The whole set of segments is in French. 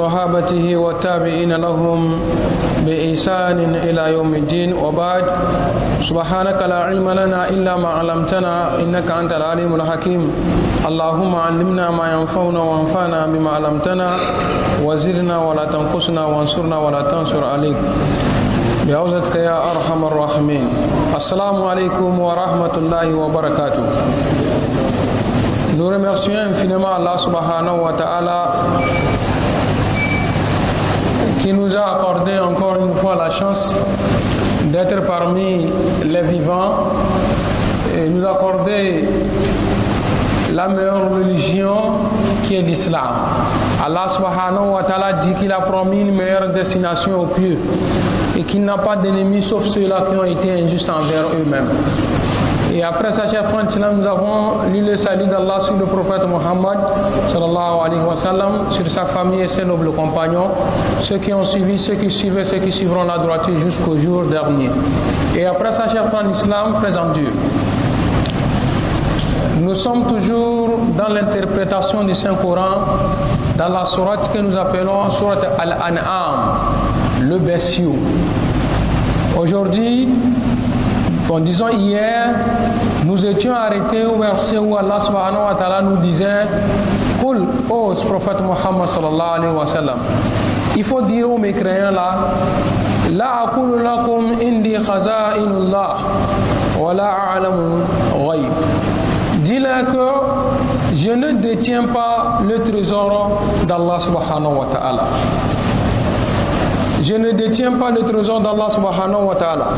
وصحابته والتابعين لهم بإحسان إلى يوم الدين وبعد سبحانك لا علم لنا إلا ما علمتنا إنك أنت العليم الحكيم اللهم علمنا ما ينفعنا وانفعنا بما علمتنا وزدنا ولا تنقصنا وانصرنا ولا تنصر عليك بعوزتك يا أرحم الراحمين السلام عليكم ورحمة الله وبركاته Nous remercions infiniment Allah subhanahu wa ta'ala qui nous a accordé encore une fois la chance d'être parmi les vivants et nous accorder la meilleure religion qui est l'islam. Allah subhanahu wa ta'ala dit qu'il a promis une meilleure destination aux pieux et qu'il n'a pas d'ennemis sauf ceux-là qui ont été injustes envers eux-mêmes. Et après sa chère nous avons lu le salut d'Allah sur le prophète Mohammed, sur sa famille et ses nobles compagnons, ceux qui ont suivi, ceux qui suivaient, ceux qui suivront la droite jusqu'au jour dernier. Et après sa chère en d'Islam, présente Dieu. Nous sommes toujours dans l'interprétation du Saint-Coran, dans la sourate que nous appelons sourate Al-An'am, le bestiau. Aujourd'hui, en disant hier, nous étions arrêtés au verset où Allah subhanahu wa ta'ala nous disait Kul, ô prophète Muhammad sallallahu alayhi wa sallam. Il faut dire aux mécréants là La akulu lakum indi khaza'inullah wa la a'lamu ghaib. dis Dis-le que je ne détiens pas le trésor d'Allah subhanahu wa ta'ala je ne détiens pas le trésor d'Allah subhanahu wa ta'ala.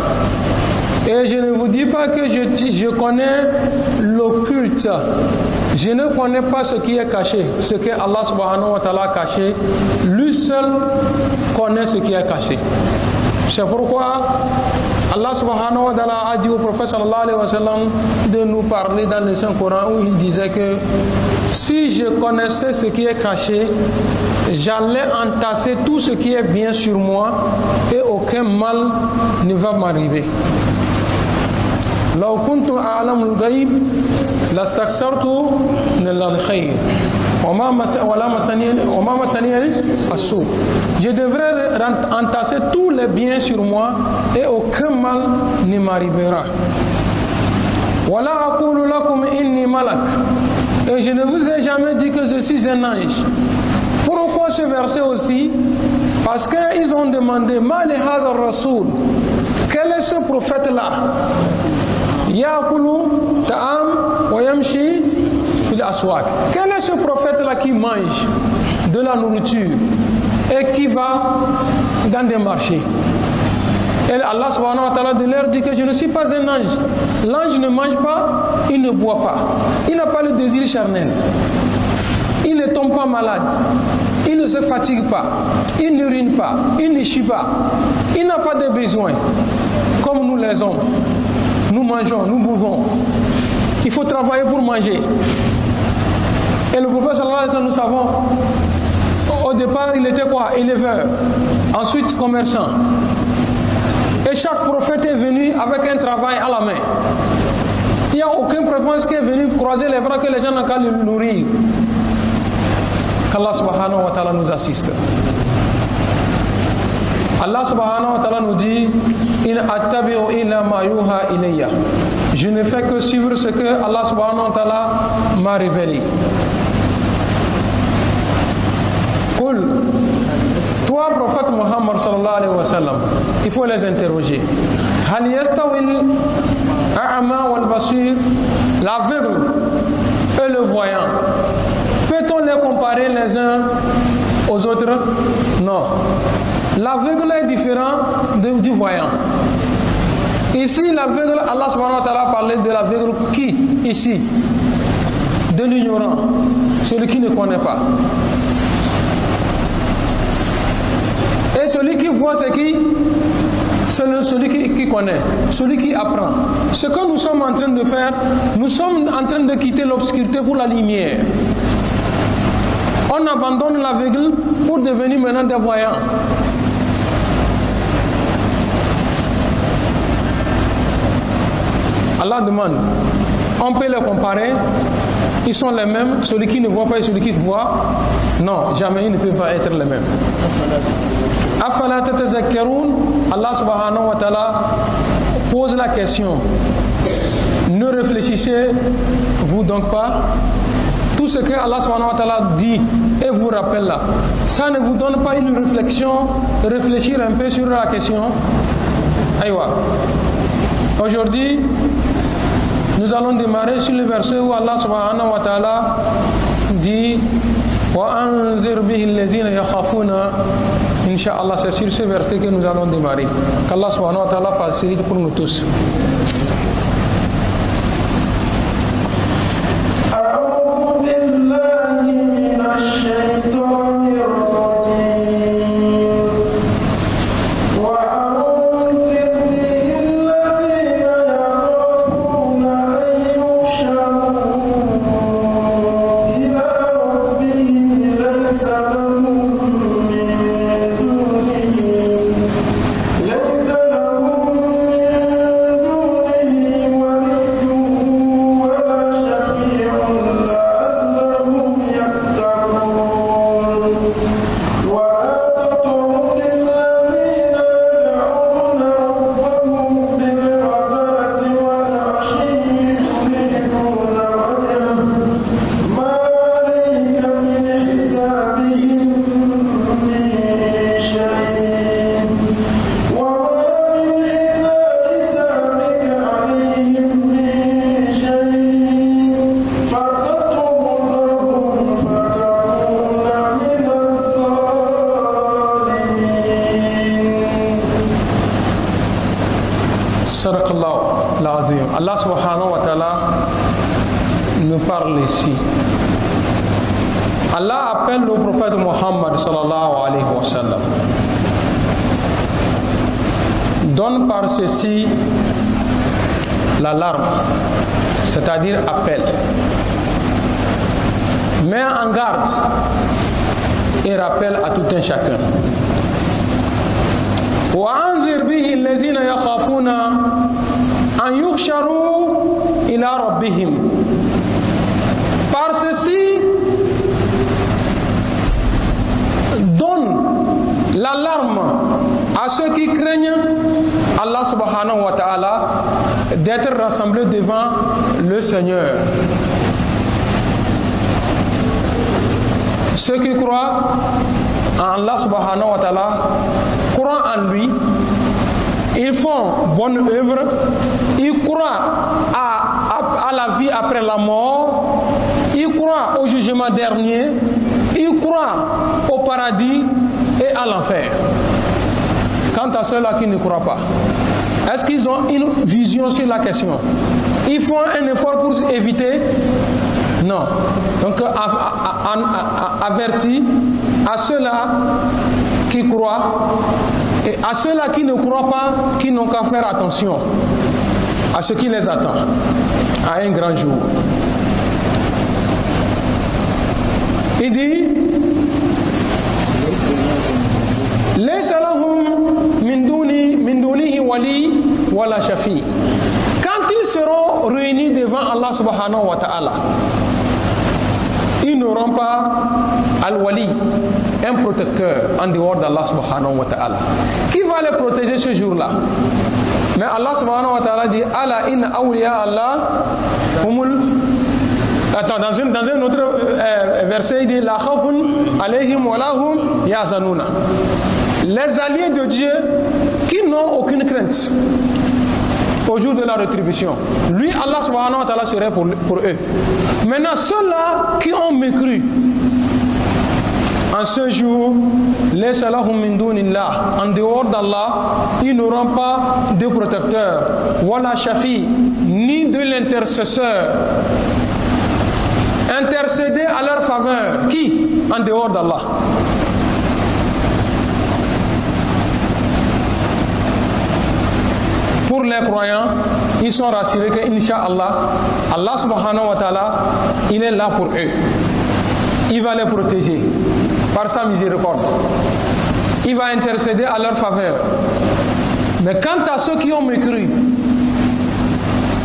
Et je ne vous dis pas que je, je connais l'occulte. Je ne connais pas ce qui est caché, ce que Allah subhanahu wa ta'ala a caché. Lui seul connaît ce qui est caché. C'est pourquoi Allah subhanahu wa ta'ala a dit au prophète de nous parler dans le Saint-Coran où il disait que si je connaissais ce qui est caché, j'allais entasser tout ce qui est bien sur moi et aucun mal ne va m'arriver. Je devrais entasser tous les biens sur moi et aucun mal ne m'arrivera. Voilà Et je ne vous ai jamais dit que je suis un ange. Pourquoi ce verset aussi Parce qu'ils ont demandé, quel est ce prophète-là ta'am wa yamshi aswak. Quel est ce prophète-là qui mange de la nourriture et qui va dans des marchés et Allah subhanahu wa ta'ala de dit que je ne suis pas un ange. L'ange ne mange pas, il ne boit pas. Il n'a pas le désir charnel. Il ne tombe pas malade. Il ne se fatigue pas. Il n'urine pas. Il ne chie pas. Il n'a pas de besoins comme nous les hommes. Nous mangeons, nous bouvons. Il faut travailler pour manger. Et le prophète alayhi nous savons, au départ, il était quoi Éleveur, ensuite commerçant. Et chaque prophète est venu avec un travail à la main. Il n'y a aucun prophète qui est venu croiser les bras que les gens n'ont qu'à nourrir. Qu'Allah subhanahu wa nous assiste. Allah subhanahu wa ta'ala nous dit In attabi'u illa ma yuha ilayya. Je ne fais que suivre ce que Allah subhanahu wa ta'ala m'a révélé. Cool. toi prophète Muhammad sallallahu alayhi wa sallam, il faut les interroger. Hal yastawil a'ma wal basir, l'aveugle et le voyant. Peut-on les comparer les uns aux autres Non. L'aveugle est différent de, du voyant. Ici, l'aveugle, Allah subhanahu wa ta'ala parlait de l'aveugle qui, ici, de l'ignorant, celui qui ne connaît pas. Et celui qui voit, c'est qui C'est celui qui, qui, connaît, celui qui apprend. Ce que nous sommes en train de faire, nous sommes en train de quitter l'obscurité pour la lumière. On abandonne l'aveugle pour devenir maintenant des voyants. Allah demande, on peut les comparer, ils sont les mêmes, celui qui ne voit pas et celui qui voit, non, jamais ils ne peuvent pas être les mêmes. Afala Allah subhanahu wa ta'ala pose la question, ne réfléchissez-vous donc pas tout ce que Allah subhanahu dit et vous rappelle là, ça ne vous donne pas une réflexion, réfléchir un peu sur la question. Aïwa. Aujourd'hui, Nous allons démarrer sur le verset où Allah subhanahu wa ta'ala dit وأنذر به الذين يخافون إن شاء الله c'est sur ce verset que nous allons démarrer. Qu'Allah subhanahu wa ta'ala facilite pour nous tous. ceci l'alarme, c'est-à-dire appel. mais en garde et rappelle à tout un chacun. به الذين أن إلى ربهم par ceci donne l'alarme à ceux qui craignent Allah subhanahu wa ta'ala d'être rassemblé devant le Seigneur. Ceux qui croient en Allah subhanahu wa ta'ala croient en lui, ils font bonne œuvre, ils croient à, à la vie après la mort, ils croient au jugement dernier, ils croient au paradis et à l'enfer à ceux-là qui ne croient pas, est-ce qu'ils ont une vision sur la question Ils font un effort pour éviter Non. Donc, averti à ceux-là qui croient et à ceux-là qui ne croient pas, qui n'ont qu'à faire attention à ce qui les attend à un grand jour. Il dit wali wala shafi. Quand ils seront réunis devant Allah subhanahu wa ta'ala, ils n'auront pas al-wali, un protecteur en dehors d'Allah subhanahu wa ta'ala. Qui va les protéger ce jour-là Mais Allah subhanahu wa ta'ala dit Allah in awliya Allah humul Attends, dans, une, dans un autre euh, euh, verset, il dit La khafun alayhim wa lahum yazanuna. Les alliés de Dieu ils n'ont aucune crainte au jour de la rétribution. Lui, Allah subhanahu wa ta'ala serait pour, eux. Maintenant, ceux-là qui ont mécru en ce jour, les salahum min dunillah, en dehors d'Allah, ils n'auront pas de protecteur, wala shafi, ni de l'intercesseur. Intercéder à leur faveur, qui En dehors d'Allah. pour les croyants, ils sont rassurés que, Inch'Allah, Allah subhanahu wa ta'ala, il est là pour eux. Il va les protéger par sa miséricorde. Il va intercéder à leur faveur. Mais quant à ceux qui ont mécru,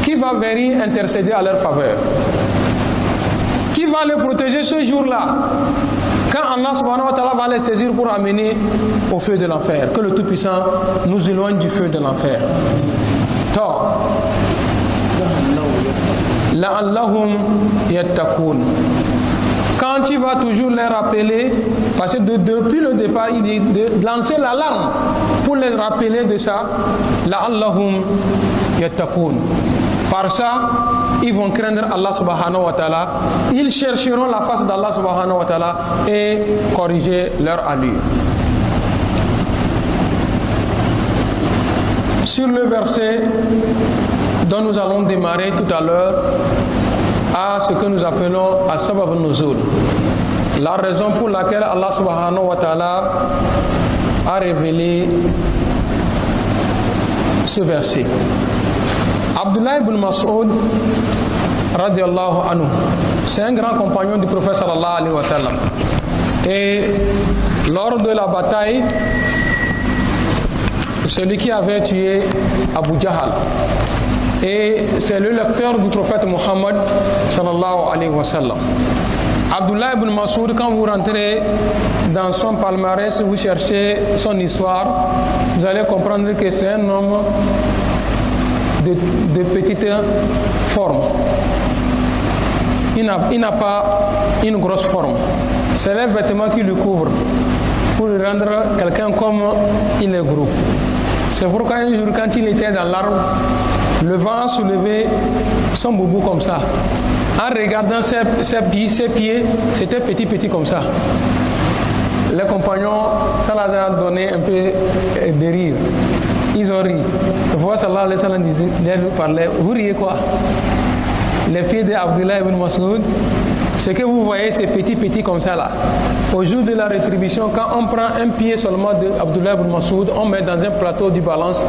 qui va venir intercéder à leur faveur Qui va les protéger ce jour-là quand Allah subhanahu wa ta'ala va les saisir pour amener au feu de l'enfer, que le Tout-Puissant nous éloigne du feu de l'enfer. la Allahum yattaqun. Quand il va toujours les rappeler, parce que depuis le départ, il dit de lancer l'alarme pour les rappeler de ça. la la yattaqun. Par ça, ils vont craindre Allah subhanahu wa ta'ala. Ils chercheront la face d'Allah subhanahu wa ta'ala et corriger leur allure. Sur le verset dont nous allons démarrer tout à l'heure, à ce que nous appelons à sabab nuzul. La raison pour laquelle Allah subhanahu wa ta'ala a révélé ce verset. Abdullah ibn Mas'ud, anhu, c'est un grand compagnon du prophète sallallahu alayhi wa Et lors de la bataille, celui qui avait tué Abu Jahal, et c'est le lecteur du prophète Muhammad sallallahu alayhi wa sallam. Abdullah ibn Masoud, quand vous rentrez dans son palmarès, vous cherchez son histoire, vous allez comprendre que c'est un homme de, petites formes. Il n'a pas une grosse forme. C'est les vêtements qui le couvrent pour le rendre quelqu'un comme il est gros. C'est pourquoi un jour, quand il était dans l'arbre, le vent a soulevé son boubou comme ça. En regardant ses, ses pieds, ses pieds c'était petit, petit comme ça. Les compagnons, ça leur a donné un peu de rire. Le vous riez quoi Les pieds d'Abdullah ibn Masoud ce que vous voyez, ces petits petits comme ça là. Au jour de la rétribution, quand on prend un pied seulement d'Abdullah ibn Masoud on met dans un plateau du balance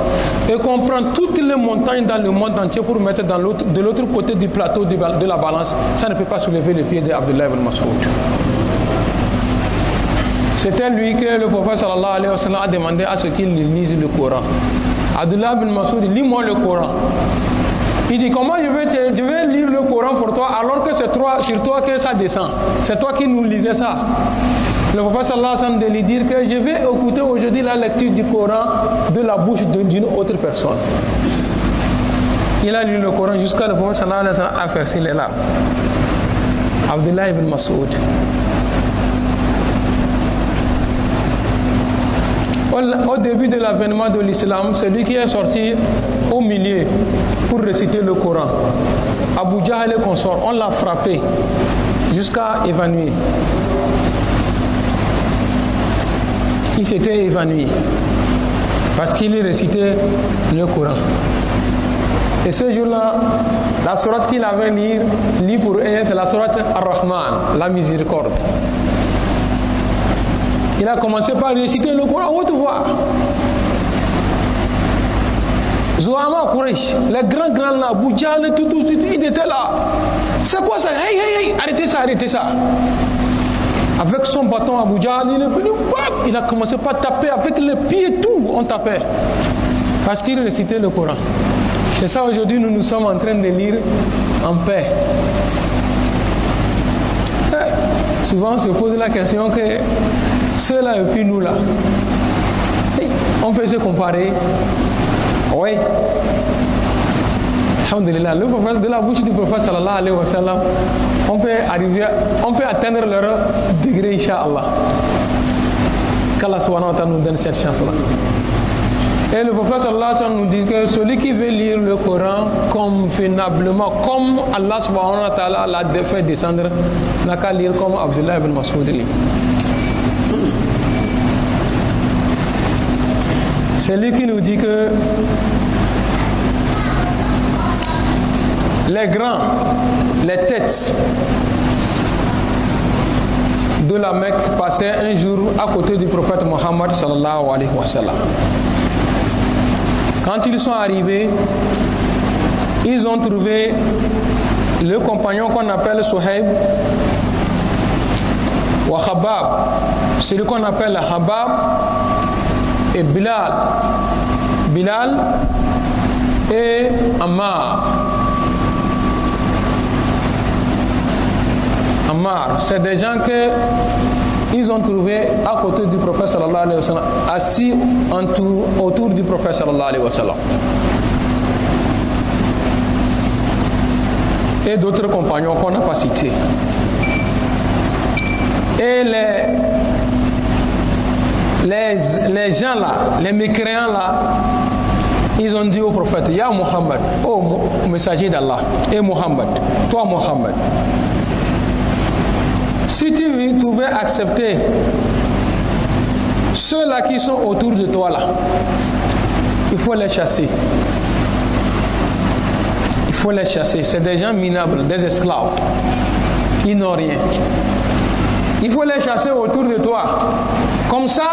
et qu'on prend toutes les montagnes dans le monde entier pour mettre dans de l'autre côté du plateau de la balance, ça ne peut pas soulever le pied d'Abdullah ibn Masoud c'était lui que le prophète sallallahu alayhi wa sallam a demandé à ce qu'il lise le Coran. Abdullah bin Masoud, lis-moi le Coran. Il dit comment je vais, te, je vais lire le Coran pour toi alors que c'est toi, sur toi que ça descend. C'est toi qui nous lisais ça. Le prophète sallallahu alayhi wa sallam de lui dire que je vais écouter aujourd'hui la lecture du Coran de la bouche d'une autre personne. Il a lu le Coran jusqu'à le prophète sallallahu alayhi wa sallam a versé les larmes. Abdullah ibn Masoud. Au début de l'avènement de l'islam, celui qui est sorti au milieu pour réciter le Coran, Abu et le consort, on l'a frappé jusqu'à évanouir. Il s'était évanoui parce qu'il récitait le Coran. Et ce jour-là, la sourate qu'il avait lue, pour elle, c'est la sourate Ar-Rahman, la miséricorde. Il a commencé par réciter le Coran haute voix. Zouama Quraysh, les grands grand là, Boudjane, tout, tout, tout, il était là. C'est quoi ça Hey, hey, hey, arrêtez ça, arrêtez ça. Avec son bâton à Boudjane, il est venu, il a commencé par taper avec le pied, tout, on tapait. Parce qu'il récitait le Coran. C'est ça aujourd'hui, nous nous sommes en train de lire en paix. Eh, souvent, on se pose la question que cela et puis nous là. On peut se comparer. Oui. Alhamdulillah, le de la bouche du prophète sallallahu alayhi wa sallam, on peut arriver, on peut atteindre leur degré, Inch'Allah. Qu'Allah subhanahu wa nous donne cette chance-là. Et le prophète sallallahu nous dit que celui qui veut lire le Coran convenablement, comme Allah subhanahu wa ta'ala l'a fait descendre, n'a qu'à lire comme Abdullah ibn Mas'ud. C'est lui qui nous dit que les grands, les têtes de la Mecque passaient un jour à côté du prophète Mohammed sallallahu alayhi wa Quand ils sont arrivés, ils ont trouvé le compagnon qu'on appelle Suhaib ou Habab, celui qu'on appelle Habab et Bilal. Bilal et Ammar. Ammar, c'est des gens que ils ont trouvé à côté du professeur sallallahu alayhi wa assis autour, du professeur alayhi wa Et d'autres compagnons qu'on n'a pas cités. Et les les, les gens là, les mécréants là, ils ont dit au prophète, Ya Muhammad, ô oh, messager d'Allah, et Muhammad, toi Muhammad, si tu veux accepter ceux-là qui sont autour de toi là, il faut les chasser. Il faut les chasser. C'est des gens minables, des esclaves. Ils n'ont rien. Il faut les chasser autour de toi. Comme ça,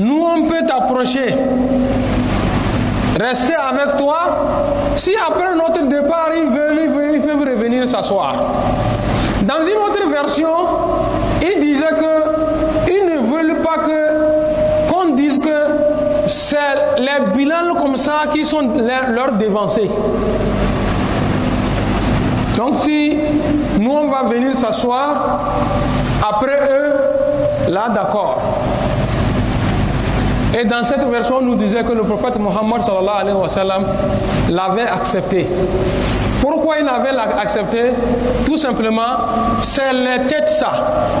nous, on peut t'approcher, rester avec toi. Si après notre départ, ils veulent, venir revenir s'asseoir. Dans une autre version, il disaient que ils ne veulent pas que qu'on dise que c'est les bilans comme ça qui sont leurs devancés. Donc si nous on va venir s'asseoir après eux, Là, d'accord. Et dans cette version, nous disait que le prophète Mohammed l'avait accepté. Pourquoi il avait accepté Tout simplement, c'est les tête ça.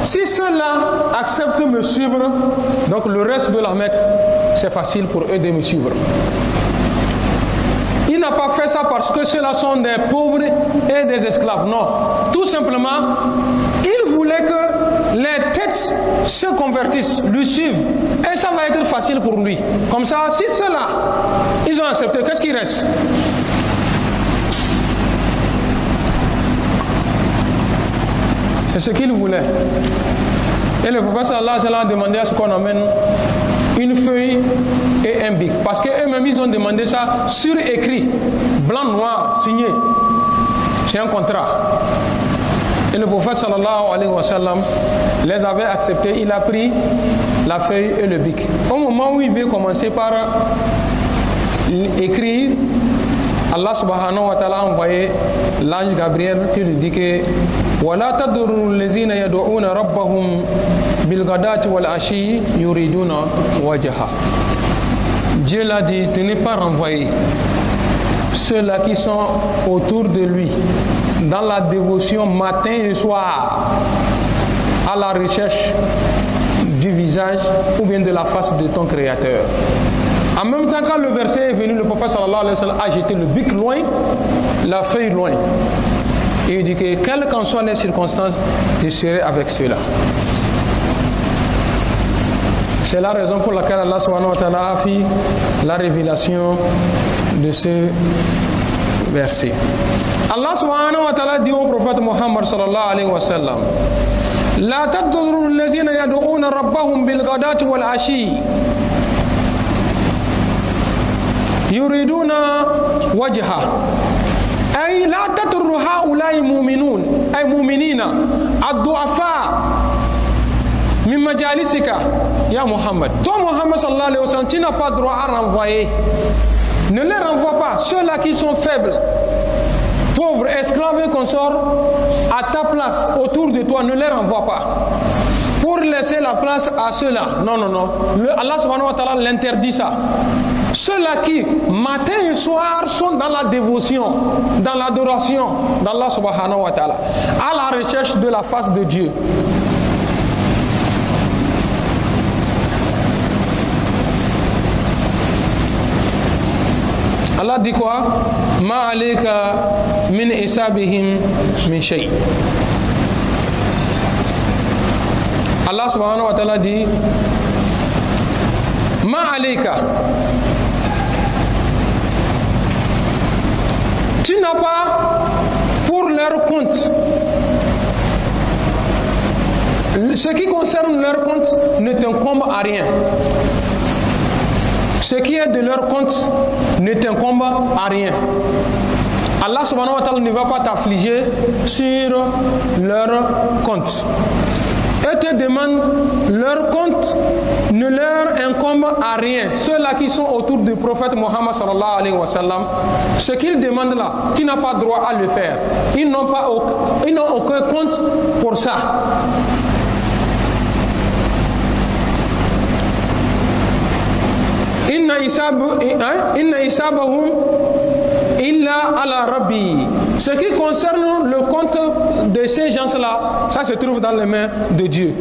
Si ceux-là acceptent de me suivre, donc le reste de la Mecque, c'est facile pour eux de me suivre. Il n'a pas fait ça parce que ceux-là sont des pauvres et des esclaves. Non. Tout simplement, se convertissent, lui suivent, et ça va être facile pour lui. Comme ça, si cela, ils ont accepté, qu'est-ce qui reste C'est ce qu'il voulait. Et le prophète Allah a demandé à ce qu'on amène une feuille et un bic. Parce qu'eux-mêmes, ils ont demandé ça sur écrit, blanc, noir, signé. C'est un contrat. Et le prophète sallallahu alayhi wa sallam les avait acceptés. Il a pris la feuille et le bic. Au moment où il veut commencer par écrire, Allah subhanahu wa ta'ala a envoyé l'ange Gabriel qui lui dit que Dieu l'a dit, tu n'es pas renvoyé. Ceux-là qui sont autour de lui, dans la dévotion matin et soir à la recherche du visage ou bien de la face de ton Créateur. En même temps, quand le verset est venu, le prophète sallallahu alayhi wa sallam a jeté le bic loin, la feuille loin. Et il dit que, quelles qu'en soient les circonstances, je serai avec cela. C'est la raison pour laquelle Allah a fait la révélation de ce verset. الله سبحانه وتعالى ديو بروفات محمد صلى الله عليه وسلم لا تضر الذين يدعون ربهم بالغداة والعشي يريدون وجهه أي لا تضر هؤلاء المؤمنون أي مؤمنين الضعفاء من مجالسك يا محمد تو محمد صلى الله عليه وسلم تينا با دروا رانفوي ne les renvoie pas ceux-là qui pauvres, esclaves qu'on sort, à ta place, autour de toi, ne les renvoie pas. Pour laisser la place à ceux-là. Non, non, non. Allah subhanahu wa ta'ala l'interdit ça. Ceux-là qui, matin et soir, sont dans la dévotion, dans l'adoration d'Allah subhanahu wa ta'ala, à la recherche de la face de Dieu. Allah dit quoi Ma alika min isabihim min shay. Allah subhanahu wa ta'ala dit Ma alika Tu n'as pas pour leur compte ce qui concerne leur compte ne t'incombe à rien. Ce qui est de leur compte ne t'incombe à rien. Allah subhanahu wa ta'ala ne va pas t'affliger sur leur compte. Et te demande leur compte ne leur incombe à rien. Ceux-là qui sont autour du prophète Mohammed sallallahu alayhi wa sallam, ce qu'ils demandent là, qui n'a pas droit à le faire, ils n'ont pas n'ont aucun compte pour ça. inna eh, hein? illa ala rabbi. Ce qui concerne le compte de ces gens-là, ça se trouve dans les mains de Dieu.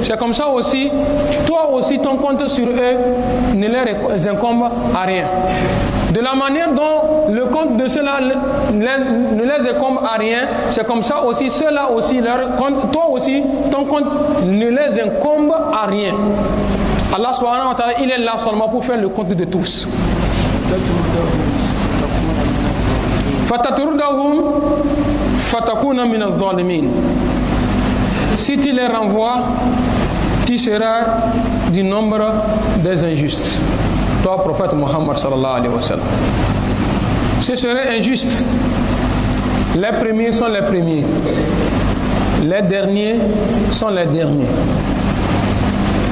C'est comme ça aussi, toi aussi ton compte sur eux ne les incombe à rien. De la manière dont le compte de cela ne les incombe à rien, c'est comme ça aussi, Cela aussi, leur toi aussi, ton compte ne les incombe à rien. Allah subhanahu wa ta'ala, il est là seulement pour faire le compte de tous fatakuna min Si tu les renvoies, tu seras du nombre des injustes. Toi, prophète Mohammed sallallahu alayhi wa sallam. Ce serait injuste. Les premiers sont les premiers. Les derniers sont les derniers.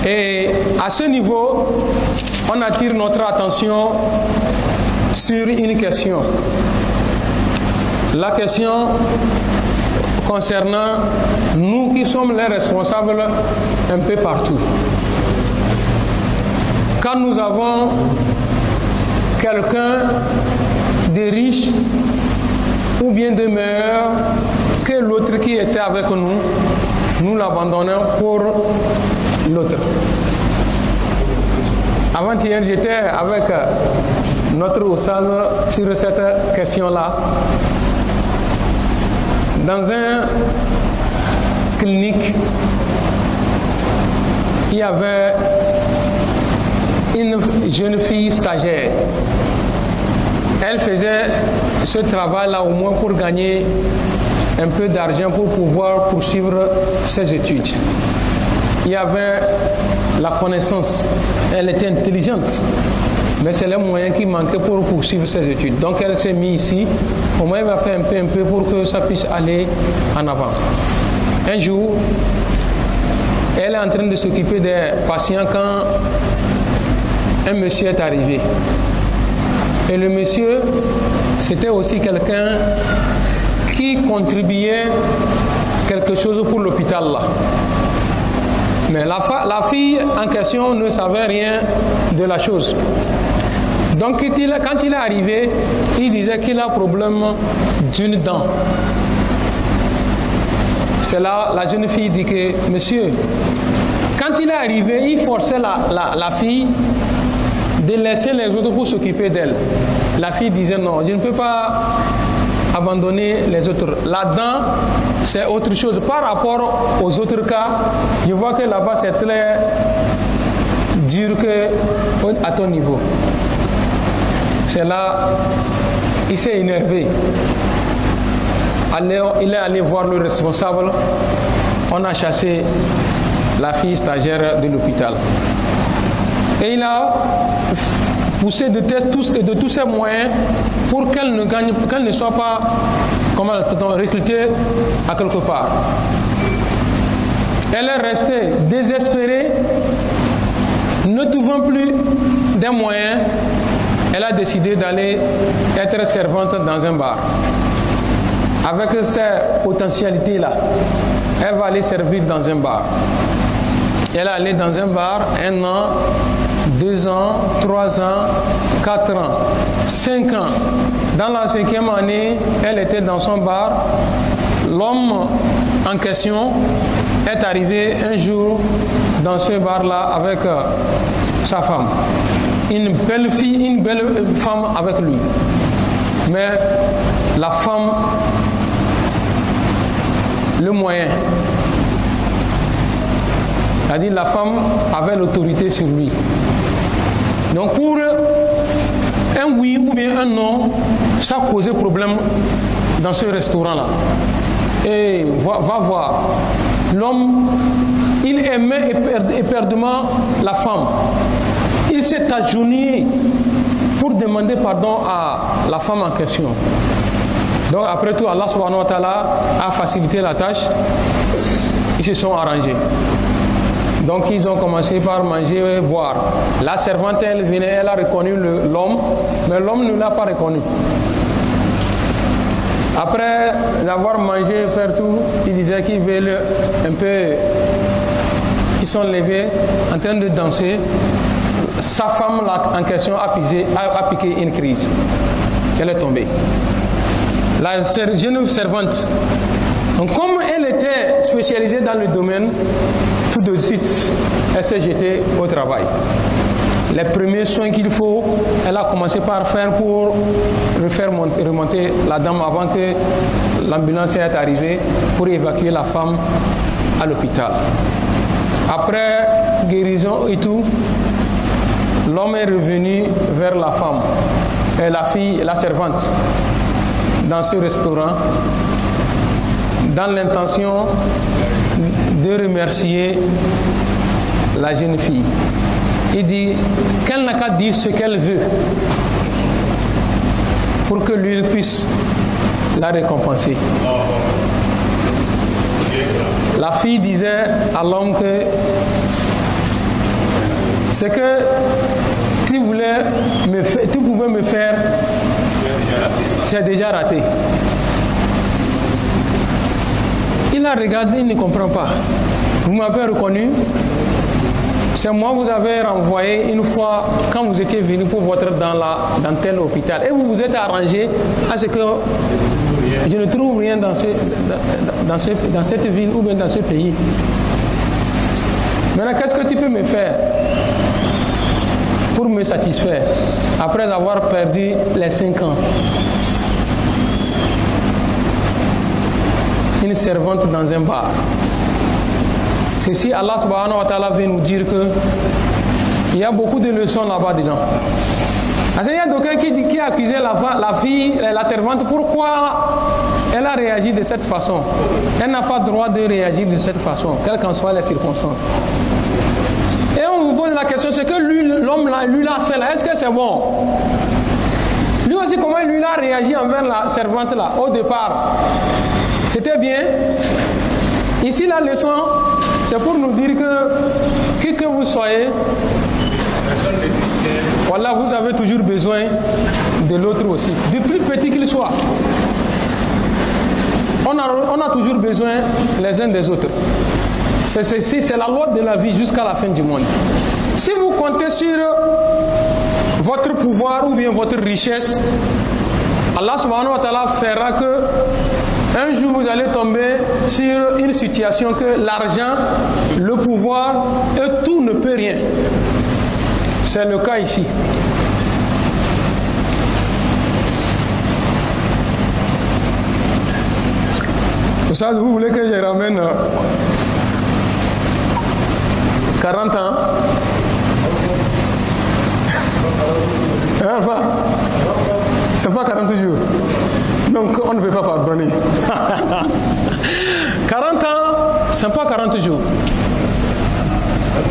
Et à ce niveau, on attire notre attention sur une question la question concernant nous qui sommes les responsables un peu partout. Quand nous avons quelqu'un de riche ou bien de meilleur que l'autre qui était avec nous, nous l'abandonnons pour l'autre. Avant-hier, j'étais avec notre Oussaz sur cette question-là dans un clinique, il y avait une jeune fille stagiaire. Elle faisait ce travail-là au moins pour gagner un peu d'argent pour pouvoir poursuivre ses études. Il y avait la connaissance. Elle était intelligente mais c'est le moyen qui manquait pour poursuivre ses études. Donc elle s'est mise ici, au moins elle va faire un peu, un peu pour que ça puisse aller en avant. Un jour, elle est en train de s'occuper des patients quand un monsieur est arrivé. Et le monsieur, c'était aussi quelqu'un qui contribuait quelque chose pour l'hôpital là. Mais la, fille en question ne savait rien de la chose. Donc quand il est arrivé, il disait qu'il a problème d'une dent. C'est là la jeune fille dit que, monsieur, quand il est arrivé, il forçait la, la fille de laisser les autres pour s'occuper d'elle. La fille disait non, je ne peux pas abandonner les autres. là-dedans c'est autre chose. Par rapport aux autres cas, je vois que là-bas, c'est très dur que, à ton niveau. C'est là, il s'est énervé. il est allé voir le responsable. On a chassé la fille stagiaire de l'hôpital. Et il a pousser de, tous, de tous ses moyens pour qu'elle ne, gagne, qu'elle ne soit pas comment recrutée à quelque part. Elle est restée désespérée, ne trouvant plus des moyens. Elle a décidé d'aller être servante dans un bar. Avec ces potentialités-là, elle va aller servir dans un bar. Elle est allée dans un bar un an deux ans, trois ans, quatre ans, cinq ans. Dans la cinquième année, elle était dans son bar. L'homme en question est arrivé un jour dans ce bar-là avec euh, sa femme. Une belle fille, une belle femme avec lui. Mais la femme, le moyen, c'est-à-dire la femme avait l'autorité sur lui. Donc pour un oui ou bien un non, ça a causé problème dans ce restaurant-là. Et va, voir, l'homme, il aimait éperdument la femme. Il s'est agenouillé pour demander pardon à la femme en question. Donc après tout, Allah subhanahu wa ta'ala a facilité la tâche. Ils se sont arrangés. Donc ils ont commencé par manger et boire. La servante, elle venait, elle a reconnu l'homme, mais l'homme ne l'a pas reconnu. Après l'avoir mangé et faire tout, il disait qu'il veulent un peu... Ils sont levés en train de danser. Sa femme en question a, a piqué une crise. Elle est tombée. La jeune servante, donc comme elle était spécialisée dans le domaine, de suite, elle s'est jetée au travail. Les premiers soins qu'il faut, elle a commencé par faire pour refaire remonter la dame avant que l'ambulance soit arrivée pour évacuer la femme à l'hôpital. Après guérison et tout, l'homme est revenu vers la femme, et la fille, la servante, dans ce restaurant, dans l'intention de remercier la jeune fille. Il dit qu'elle n'a qu'à dire ce qu'elle veut pour que lui puisse la récompenser. La fille disait à l'homme que ce que tu voulais me faire, tu pouvais me faire, c'est déjà raté il la regardé il ne comprend pas. Vous m'avez reconnu C'est moi vous avez renvoyé une fois quand vous étiez venu pour votre dans, la, dans tel hôpital. Et vous vous êtes arrangé à ce que je ne trouve rien dans, ce, dans, cette ville ou bien dans ce pays. Maintenant, qu'est-ce que tu peux me faire pour me satisfaire après avoir perdu les cinq ans servante dans un bar. si Allah subhanahu wa ta'ala veut nous dire que il y a beaucoup de leçons là-bas dedans. Il y a d'aucuns qui, qui accusé la, la fille, la servante, pourquoi elle a réagi de cette façon. Elle n'a pas le droit de réagir de cette façon, quelles qu'en soient les circonstances. Et on vous pose la question, c'est que l'homme lui l'a fait là, est-ce que c'est bon Lui aussi, comment lui a réagi envers la servante là, au départ c'était bien. Ici, la leçon, c'est pour nous dire que qui que vous soyez, voilà, vous avez toujours besoin de l'autre aussi, du plus petit qu'il soit. On a, on a, toujours besoin les uns des autres. C'est ceci, c'est la loi de la vie jusqu'à la fin du monde. Si vous comptez sur votre pouvoir ou bien votre richesse, Allah subhanahu wa ta'ala fera que un jour vous allez tomber sur une situation que l'argent, le pouvoir et tout ne peut rien. C'est le cas ici. Ça, vous voulez que je ramène 40 euh, ans hein, c'est pas 40 jours. Donc on ne peut pas pardonner. 40 ans, ce n'est pas 40 jours.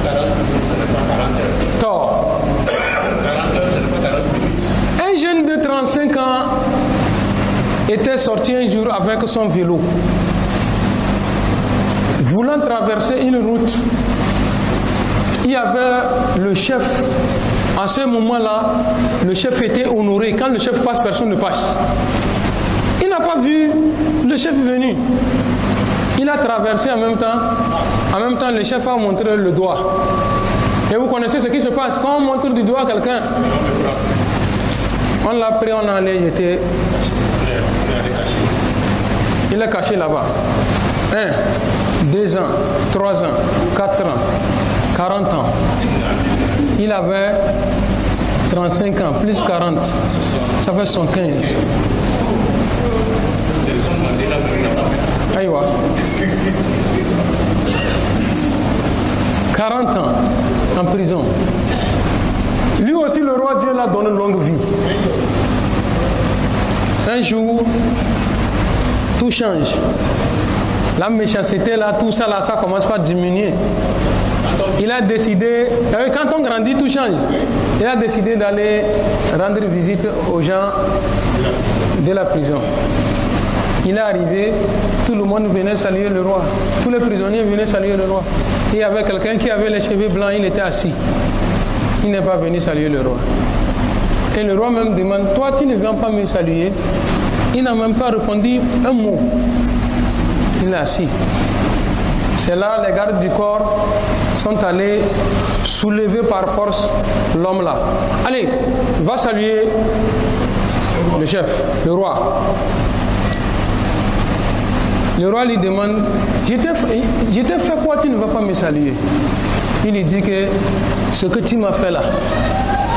40 jours, ce n'est pas 40 heures. Tort. 40 heures, ce n'est pas 40 minutes. Un jeune de 35 ans était sorti un jour avec son vélo, voulant traverser une route. Il y avait le chef. En ce moment-là, le chef était honoré. Quand le chef passe, personne ne passe pas vu le chef venu. Il a traversé en même temps. En même temps, le chef a montré le doigt. Et vous connaissez ce qui se passe. Quand on montre du doigt quelqu'un, on l'a pris, on a allait jeter. Il est caché là-bas. Un, deux ans, trois ans, quatre ans, quarante ans. Il avait 35 ans, plus 40. Ça fait 75. 40 ans en prison. Lui aussi, le roi Dieu l'a donné une longue vie. Un jour, tout change. La méchanceté, là, tout ça, là, ça commence par diminuer. Il a décidé, euh, quand on grandit, tout change. Il a décidé d'aller rendre visite aux gens de la prison. Il est arrivé, tout le monde venait saluer le roi. Tous les prisonniers venaient saluer le roi. Il y avait quelqu'un qui avait les cheveux blancs, il était assis. Il n'est pas venu saluer le roi. Et le roi même demande, toi tu ne viens pas me saluer Il n'a même pas répondu un mot. Il est assis. C'est là les gardes du corps sont allés soulever par force l'homme là. Allez, va saluer le chef, le roi. Le roi lui demande, je t'ai fait quoi, tu ne vas pas me saluer Il lui dit que ce que tu m'as fait là,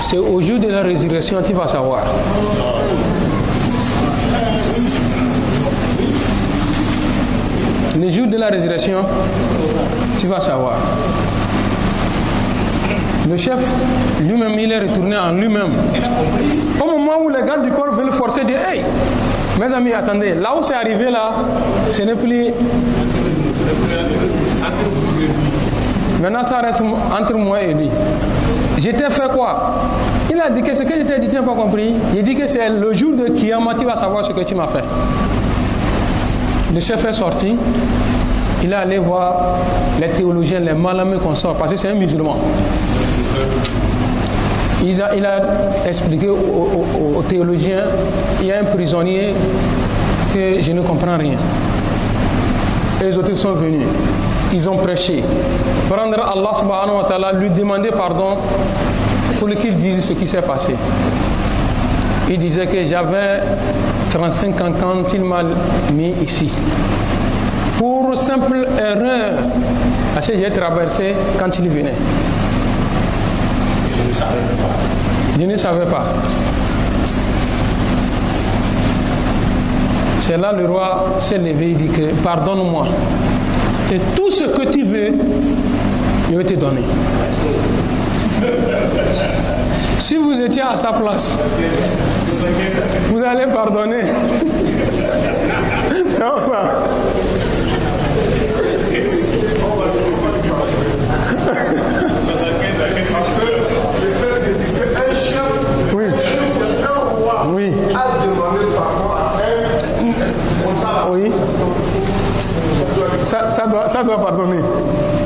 c'est au jour de la résurrection, tu vas savoir. Le jour de la résurrection, tu vas savoir. Le chef, lui-même, il est retourné en lui-même. Au moment où les gardes du corps veulent forcer, dire, hey, mes amis, attendez, là où c'est arrivé là, ce n'est plus. Maintenant, ça reste entre moi et lui. J'étais fait quoi Il a dit que ce que je t'ai dit, tu n'as pas compris. Il dit que c'est le jour de Kiyama, tu vas savoir ce que tu m'as fait. Le chef est sorti. Il est allé voir les théologiens, les malamés qu'on sort, parce que c'est un musulman il a, expliqué aux, théologiens, il y a un prisonnier que je ne comprends rien. les autres sont venus, ils ont prêché. Prendre Allah subhanahu wa ta'ala, lui demander pardon pour qu'il dise ce qui s'est passé. Il disait que j'avais 35 ans quand il m'a mis ici. Pour simple erreur, j'ai traversé quand il venait. Je ne savais pas. C'est là le roi s'est levé et dit que pardonne-moi. Et tout ce que tu veux, je vais te donner. Si vous étiez à sa place, vous allez pardonner. oui. Ça, doit, ça doit pardonner.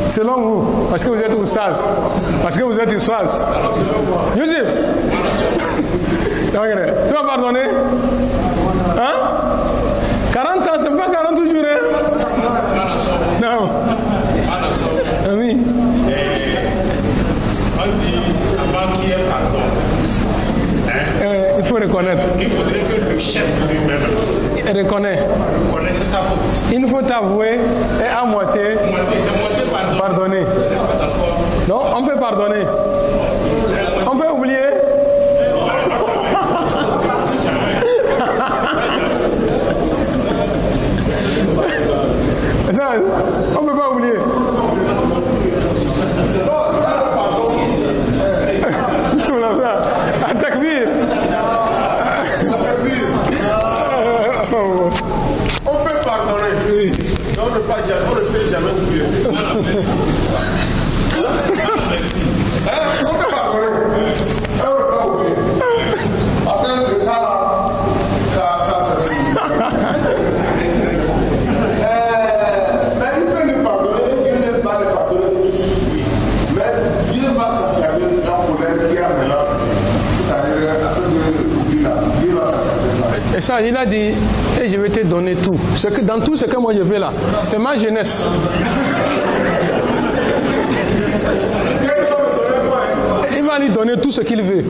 Selon vous, parce que vous êtes oustaz, parce que vous êtes oustaz. Youssef, tu vas pardonner Hein 40 ans, c'est pas 40 jours, hein? Non. Ah oui. On dit, avant pardon, il faut reconnaître. Il faudrait que le chef lui-même reconnaît. Il nous faut avouer et à moitié, pardonner. Non, on peut pardonner. On peut oublier. on peut on ne peut jamais oublier. Et ça, il a dit, et je vais te donner tout. Ce que, dans tout ce que moi je veux là, c'est ma jeunesse. il va lui donner tout ce qu'il veut.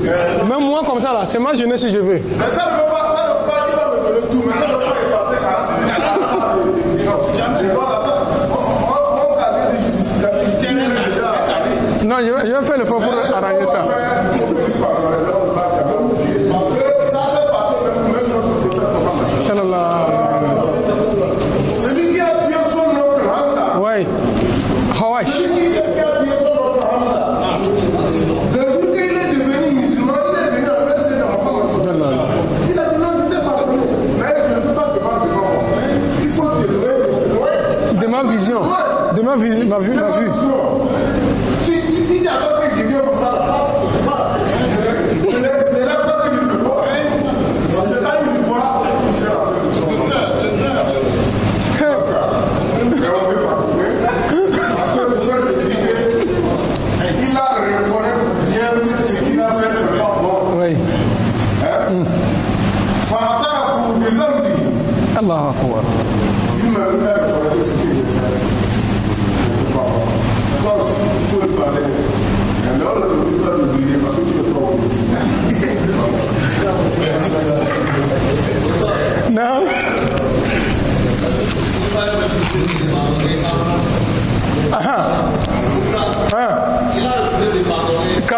Même moi comme ça là, c'est ma jeunesse que je veux. ça ne veut pas, ça ne pas donner tout, mais ne pas Non, je vais, je vais faire le fond pour arranger ça. não, avisa, não, avisa, não,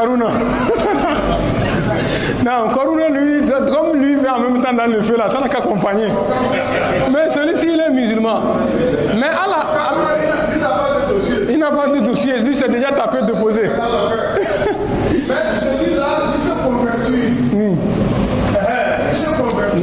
Karuna. non, Karuna, lui, comme lui va en même temps dans le feu, là, ça n'a qu'accompagner. Mais celui-ci, il est musulman. Mais Allah. Il n'a pas de dossier. Il n'a pas de Lui, c'est déjà tapé, déposé. Mais celui-là, il s'est converti. Oui. Eh, eh, il s'est converti.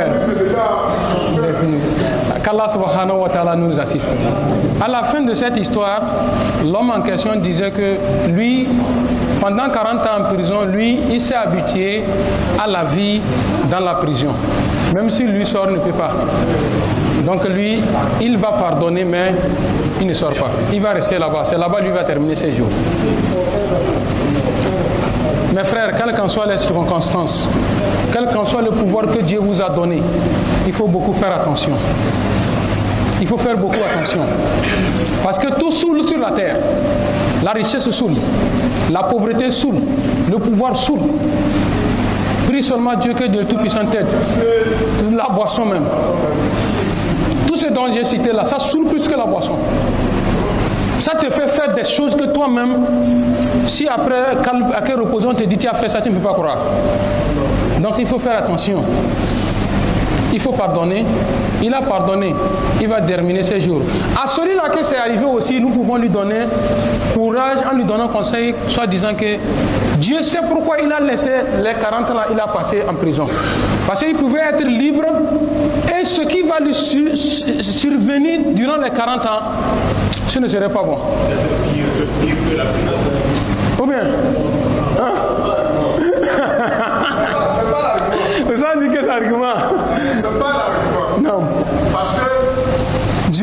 nous assiste. À la fin de cette histoire, l'homme en question disait que lui, pendant 40 ans en prison, lui, il s'est habitué à la vie dans la prison. Même si lui sort, ne peut pas. Donc lui, il va pardonner, mais il ne sort pas. Il va rester là-bas. C'est là-bas lui va terminer ses jours. Mes frères, quelles qu'en soient les circonstances, quel qu'en soit le pouvoir que Dieu vous a donné, il faut beaucoup faire attention il faut faire beaucoup attention. Parce que tout saoule sur la terre. La richesse saoule, la pauvreté saoule, le pouvoir saoule. Prie seulement Dieu que Dieu tout-puissant tête, la boisson même. tous ces dangers cités là, ça saoule plus que la boisson. Ça te fait faire des choses que toi-même, si après, à quel reposant, te dit tu as fait ça, tu ne peux pas croire. Donc il faut faire attention il faut pardonner. Il a pardonné. Il va terminer ses jours. À celui-là que c'est arrivé aussi, nous pouvons lui donner courage en lui donnant conseil, soit disant que Dieu sait pourquoi il a laissé les 40 ans, il a passé en prison. Parce qu'il pouvait être libre et ce qui va lui survenir durant les 40 ans, ce ne serait pas bon. Ou bien hein? Vous avez dit que c'est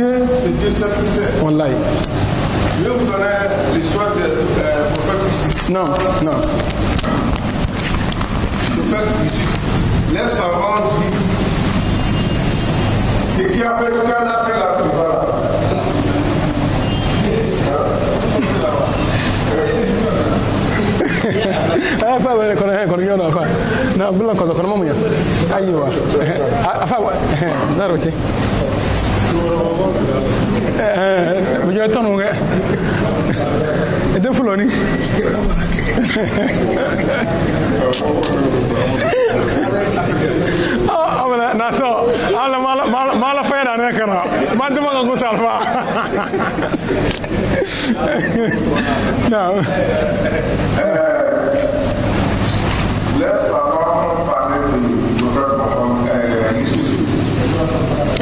C'est Dieu seul qui sait. l'aille. Je vais vous donner l'histoire de euh, prophète Non, non. Le prophète Yusuf. Les savants disent ce qui a la préparation. afa wele ah, hen bujara tɔnu kɛ e tɛ fulɔni amina ah, ah, nasɔ ala ah, mala fɛn na ne kana man tɛ ma ka ko salfa naam let's start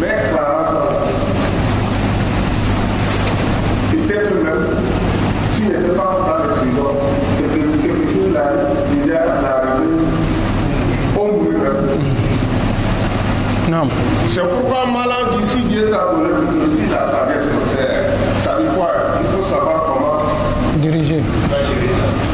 mais par euh, ans. Peut-être même, s'il n'était pas dans le prison, quelque, chose là, déjà à l'arrivée, on mourrait. Non. C'est pourquoi malade ici, Dieu t'a donné aussi la sagesse contraire. Ça veut quoi Il faut savoir comment diriger. ça.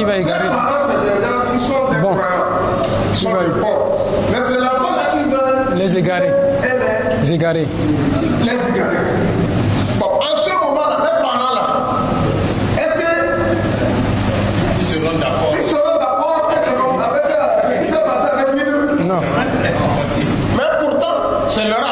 qui va égarer. Bon. Qui va... Mais c'est la qui les égarer. Les égarer. Les égarer. Bon, en ce moment-là, les parents-là, est-ce que. Ils seront d'accord. Ils seront d'accord avec ce qu'on avait fait, ce s'est passé avec lui. Non. Mais pourtant, c'est leur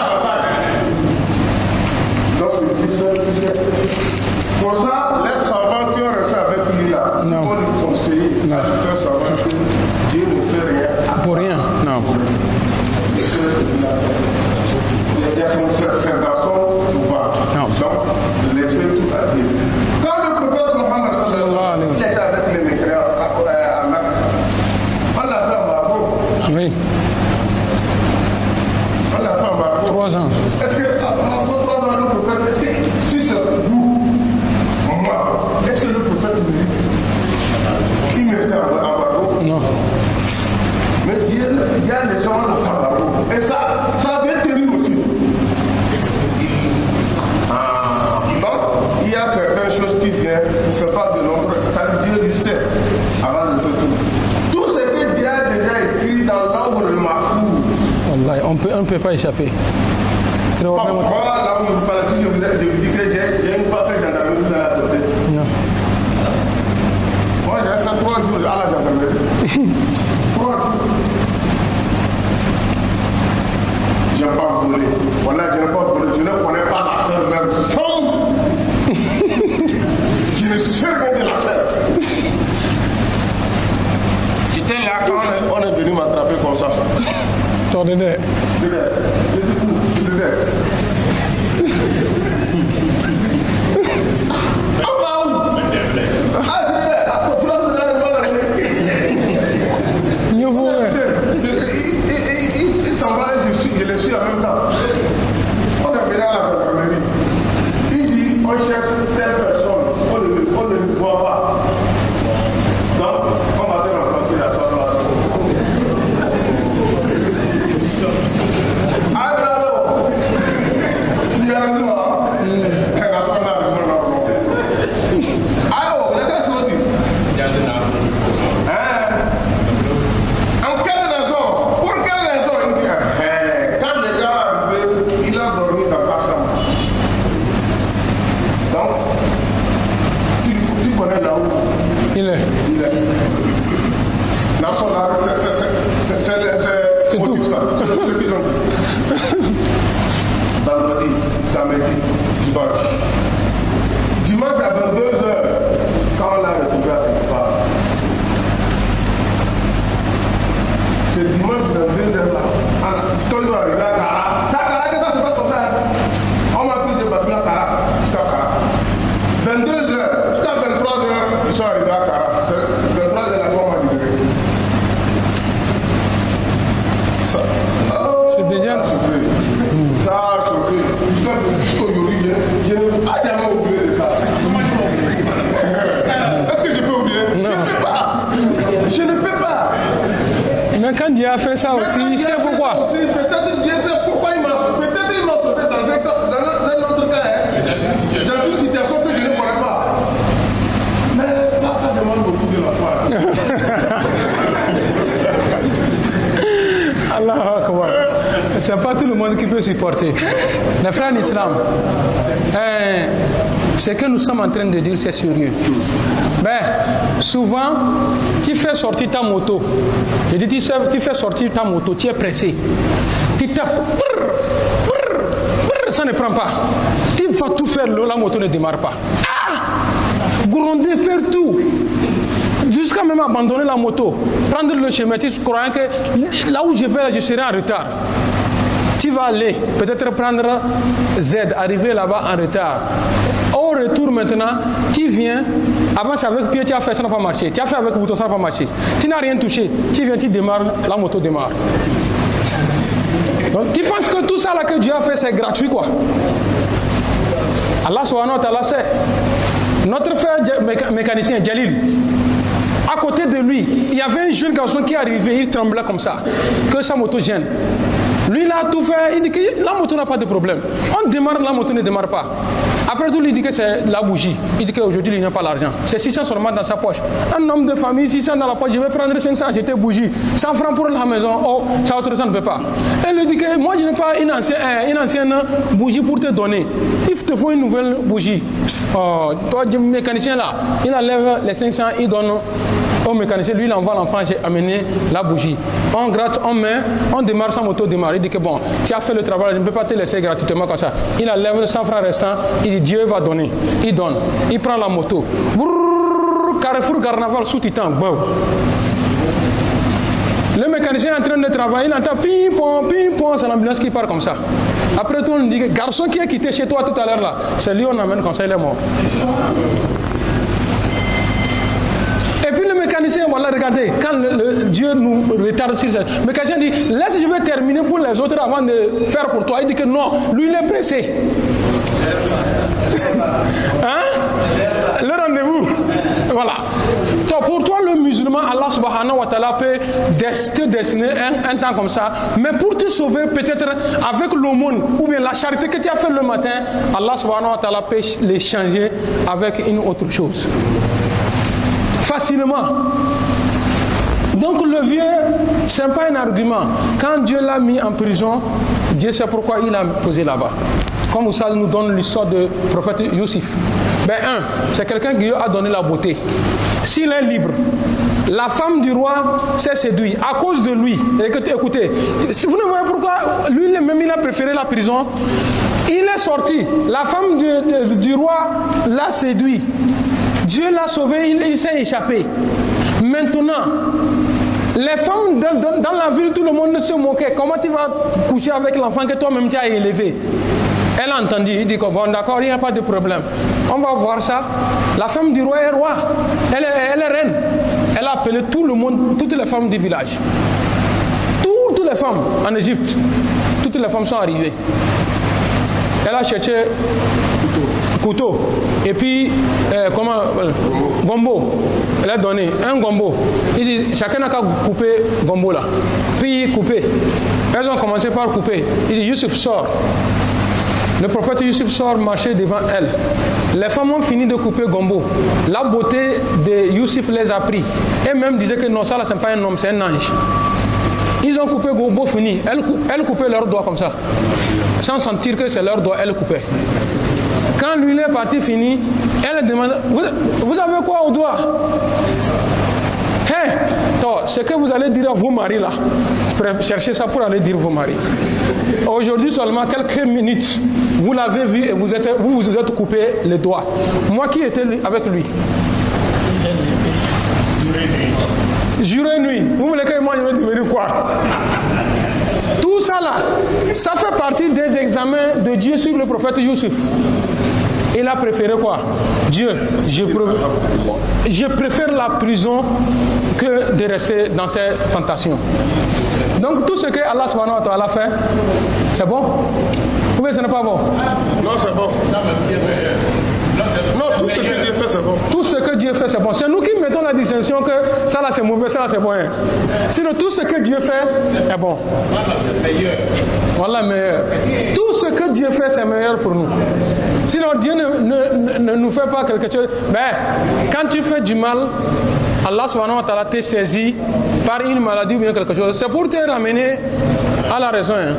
on ne peut pas échapper. Pourquoi là, si je vous dis que j'ai une fois fait gendarmerie, vous allez la sauter. Non. Moi, j'ai ça trois jours à la gendarmerie. trois jours. J'ai pas volé. Voilà, je n'ai pas volé. Je ne connais pas l'affaire même. Sans Je ne sais pas de l'affaire. J'étais là quand on est venu m'attraper comme ça. それで。de dire, c'est sérieux. Ben, souvent, tu fais sortir ta moto. Je dis, tu, sais, tu fais sortir ta moto, tu es pressé. Tu tapes, ça ne prend pas. Tu vas tout faire, la moto ne démarre pas. Ah Gronder, faire tout jusqu'à même abandonner la moto, prendre le chemin, tu croyant que là où je vais, je serai en retard. Tu vas aller, peut-être prendre Z, arriver là-bas en retard retour maintenant, qui vient avant avec pied, tu as fait, ça n'a pas marché. Tu as fait avec bouton, ça va marcher Tu n'as rien touché. Tu viens, tu démarres, la moto démarre. Donc tu penses que tout ça là que Dieu a fait, c'est gratuit quoi. Allah soit notre, Notre frère mécanicien Jalil, à côté de lui, il y avait un jeune garçon qui arrivait il tremblait comme ça, que sa moto gêne. Lui, il a tout fait. Il dit que la moto n'a pas de problème. On démarre, la moto ne démarre pas. Après tout, il dit que c'est la bougie. Il dit qu'aujourd'hui, il n'a pas l'argent. C'est 600 seulement dans sa poche. Un homme de famille, 600 dans la poche, je vais prendre 500, j'étais bougie. 100 francs pour la maison. Oh, ça, autre ça ne veut pas. Et lui dit que moi, je n'ai pas une ancienne, bougie pour te donner. Il te faut une nouvelle bougie. Oh, toi, mécanicien là, il enlève les 500, il donne au mécanicien, lui il envoie l'enfant, j'ai amené la bougie. On gratte, on met, on démarre sa moto, démarre. Il dit que bon, tu as fait le travail, je ne peux pas te laisser gratuitement comme ça. Il enlève le 100 francs restant, il dit Dieu va donner. Il donne, il prend la moto. carrefour Carnaval sous Titan, bon. Le mécanicien en train de travailler, il entend ping-pong, ping c'est l'ambulance qui part comme ça. Après tout, on dit, garçon qui a quitté chez toi tout à l'heure là, c'est lui on amène comme ça, il mort voilà, regardez, quand le, Dieu nous retarde sur ça, quand dit, laisse, je vais terminer pour les autres avant de faire pour toi. Il dit que non, lui, il est pressé. hein Le rendez-vous. Voilà. pour toi, le musulman, Allah subhanahu wa ta'ala peut te destiner un, un, temps comme ça. Mais pour te sauver, peut-être avec l'aumône ou bien la charité que tu as fait le matin, Allah subhanahu wa ta'ala peut les avec une autre chose facilement. Donc le vieux, ce n'est pas un argument. Quand Dieu l'a mis en prison, Dieu sait pourquoi il l'a posé là-bas. Comme ça, nous donne l'histoire de prophète Youssef. Ben un, c'est quelqu'un qui a donné la beauté. S'il est libre, la femme du roi s'est séduite à cause de lui. Écoutez, vous ne voyez pourquoi lui même il a préféré la prison. Il est sorti. La femme du roi l'a séduit. Dieu l'a sauvé, il, s'est échappé. Maintenant, les femmes dans, la ville, tout le monde se moquait. Comment tu vas coucher avec l'enfant que toi-même tu as élevé Elle a entendu, il dit que bon d'accord, il n'y a pas de problème. On va voir ça. La femme du roi est roi. Elle est, reine. Elle a appelé tout le monde, toutes les femmes du village. Toutes les femmes en Égypte, toutes les femmes sont arrivées. Elle a cherché couteau. Et puis, euh, comment Gombo, elle a donné un gombo. Il dit chacun n'a qu'à couper gombo là. Puis couper. Elles ont commencé par couper. Il dit Youssef sort. Le prophète Youssef sort marcher devant elle. Les femmes ont fini de couper Gombo. La beauté de Youssef les a pris. elles même disaient que non, ça là, c'est pas un homme, c'est un ange. Ils ont coupé Gombo fini. Elles, elles coupaient leurs doigts comme ça. Sans sentir que c'est leurs doigts, elles coupaient. Quand lui, il est parti, fini, elle demande vous, avez quoi au doigt Hein Ce que vous allez dire à vos maris là, cherchez ça pour aller dire à vos maris. Aujourd'hui seulement, quelques minutes, vous l'avez vu et vous, êtes, vous vous êtes coupé les doigts. Moi qui étais avec lui Jour et nuit. Vous voulez que moi je vais dire quoi Tout ça là, ça fait partie des examens de Dieu sur le prophète Youssef. Il a préféré quoi Dieu. Je, je préfère la prison que de rester dans ces tentations. Donc tout ce que Allah subhanahu wa fait, c'est bon Ou ce n'est pas bon Non, c'est bon. Non, tout ce que Dieu fait, c'est bon. Tout ce que Dieu fait, c'est bon. C'est nous qui mettons la distinction que ça là c'est mauvais, ça là c'est bon. Hein. Sinon, tout ce que Dieu fait est bon. Voilà, c'est meilleur. Voilà, meilleur. Tout ce que Dieu fait, c'est meilleur pour nous. Sinon, Dieu ne, ne, ne, nous fait pas quelque chose. Mais quand tu fais du mal, Allah subhanahu wa ta'ala te saisit par une maladie ou bien quelque chose. C'est pour te ramener à la raison. Hein.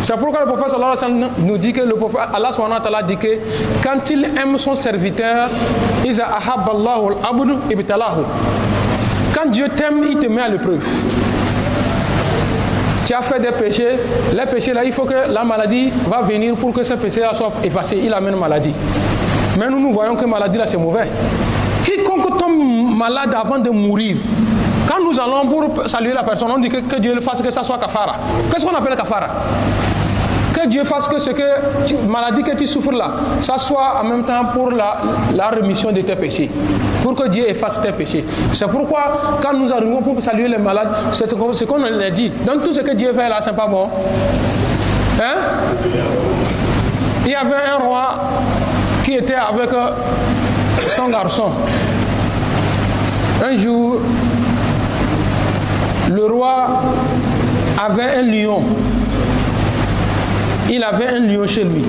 C'est pourquoi le prophète sallallahu alayhi wa sallam nous dit que le prophète, Allah subhanahu wa ta'ala dit que quand il aime son serviteur, Iza Allahu al-abdu ibtalahu. Quand Dieu t'aime, il te met à l'épreuve tu as fait des péchés, les péchés là, il faut que la maladie va venir pour que ce péché là soit effacé. Il amène maladie. Mais nous, nous voyons que maladie là, c'est mauvais. Quiconque tombe malade avant de mourir, quand nous allons pour saluer la personne, on dit que, que Dieu le fasse, que ça soit kafara. Qu'est-ce qu'on appelle kafara que Dieu fasse que ce que maladie que tu souffres là, ça soit en même temps pour la, la remission de tes péchés. Pour que Dieu efface tes péchés. C'est pourquoi quand nous arrivons pour saluer les malades, c'est ce qu'on a dit. Donc tout ce que Dieu fait là, c'est pas bon. Hein? Il y avait un roi qui était avec euh, son garçon. Un jour, le roi avait un lion il avait un lion chez lui.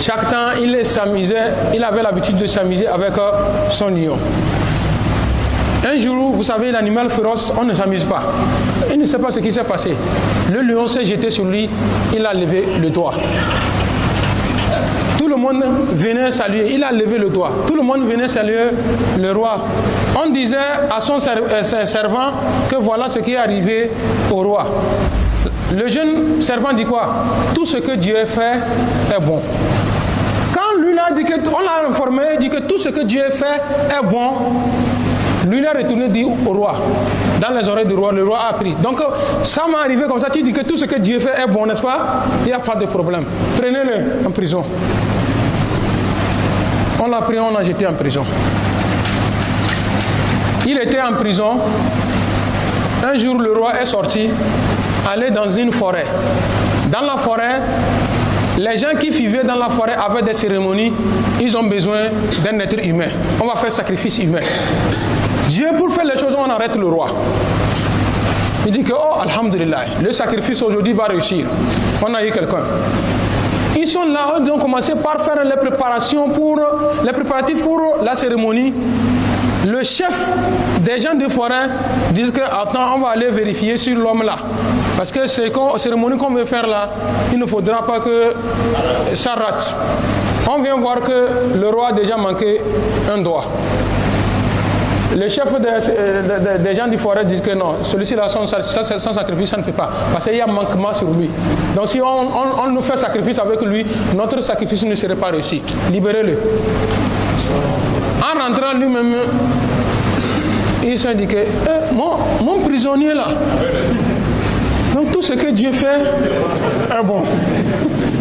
Chaque temps, il s'amusait, il avait l'habitude de s'amuser avec euh, son lion. Un jour, vous savez, l'animal féroce, on ne s'amuse pas. Il ne sait pas ce qui s'est passé. Le lion s'est jeté sur lui, il a levé le doigt. Tout le monde venait saluer, il a levé le doigt. Tout le monde venait saluer le roi. On disait à son euh, servant que voilà ce qui est arrivé au roi. Le jeune servant dit quoi Tout ce que Dieu fait est bon. Quand lui a dit que, on l'a informé, il dit que tout ce que Dieu fait est bon. Lui, il a retourné dit au roi, dans les oreilles du roi, le roi a appris. Donc, ça m'est arrivé comme ça, tu dis que tout ce que Dieu fait est bon, n'est-ce pas Il n'y a pas de problème. Prenez-le en prison. On l'a pris, on l'a jeté en prison. Il était en prison. Un jour, le roi est sorti aller dans une forêt. Dans la forêt, les gens qui vivaient dans la forêt avaient des cérémonies, ils ont besoin d'un être humain. On va faire sacrifice humain. Dieu, pour faire les choses, on arrête le roi. Il dit que, oh, Alhamdulillah, le sacrifice aujourd'hui va réussir. On a eu quelqu'un. Ils sont là, ils ont commencé par faire les préparations pour, les préparatifs pour la cérémonie le chef des gens du forêt dit que attends, on va aller vérifier sur l'homme là. Parce que c'est cérémonie qu'on veut faire là, il ne faudra pas que ça rate. On vient voir que le roi a déjà manqué un doigt. Le chef des, euh, gens du forêt dit que non, celui-ci là, sans, sacrifice, ça ne peut pas. Parce qu'il y a manquement sur lui. Donc si on nous fait sacrifice avec lui, notre sacrifice ne serait pas réussi. Libérez-le. En rentrant lui-même, il s'est dit que eh, mon, prisonnier là, donc tout ce que Dieu fait est bon.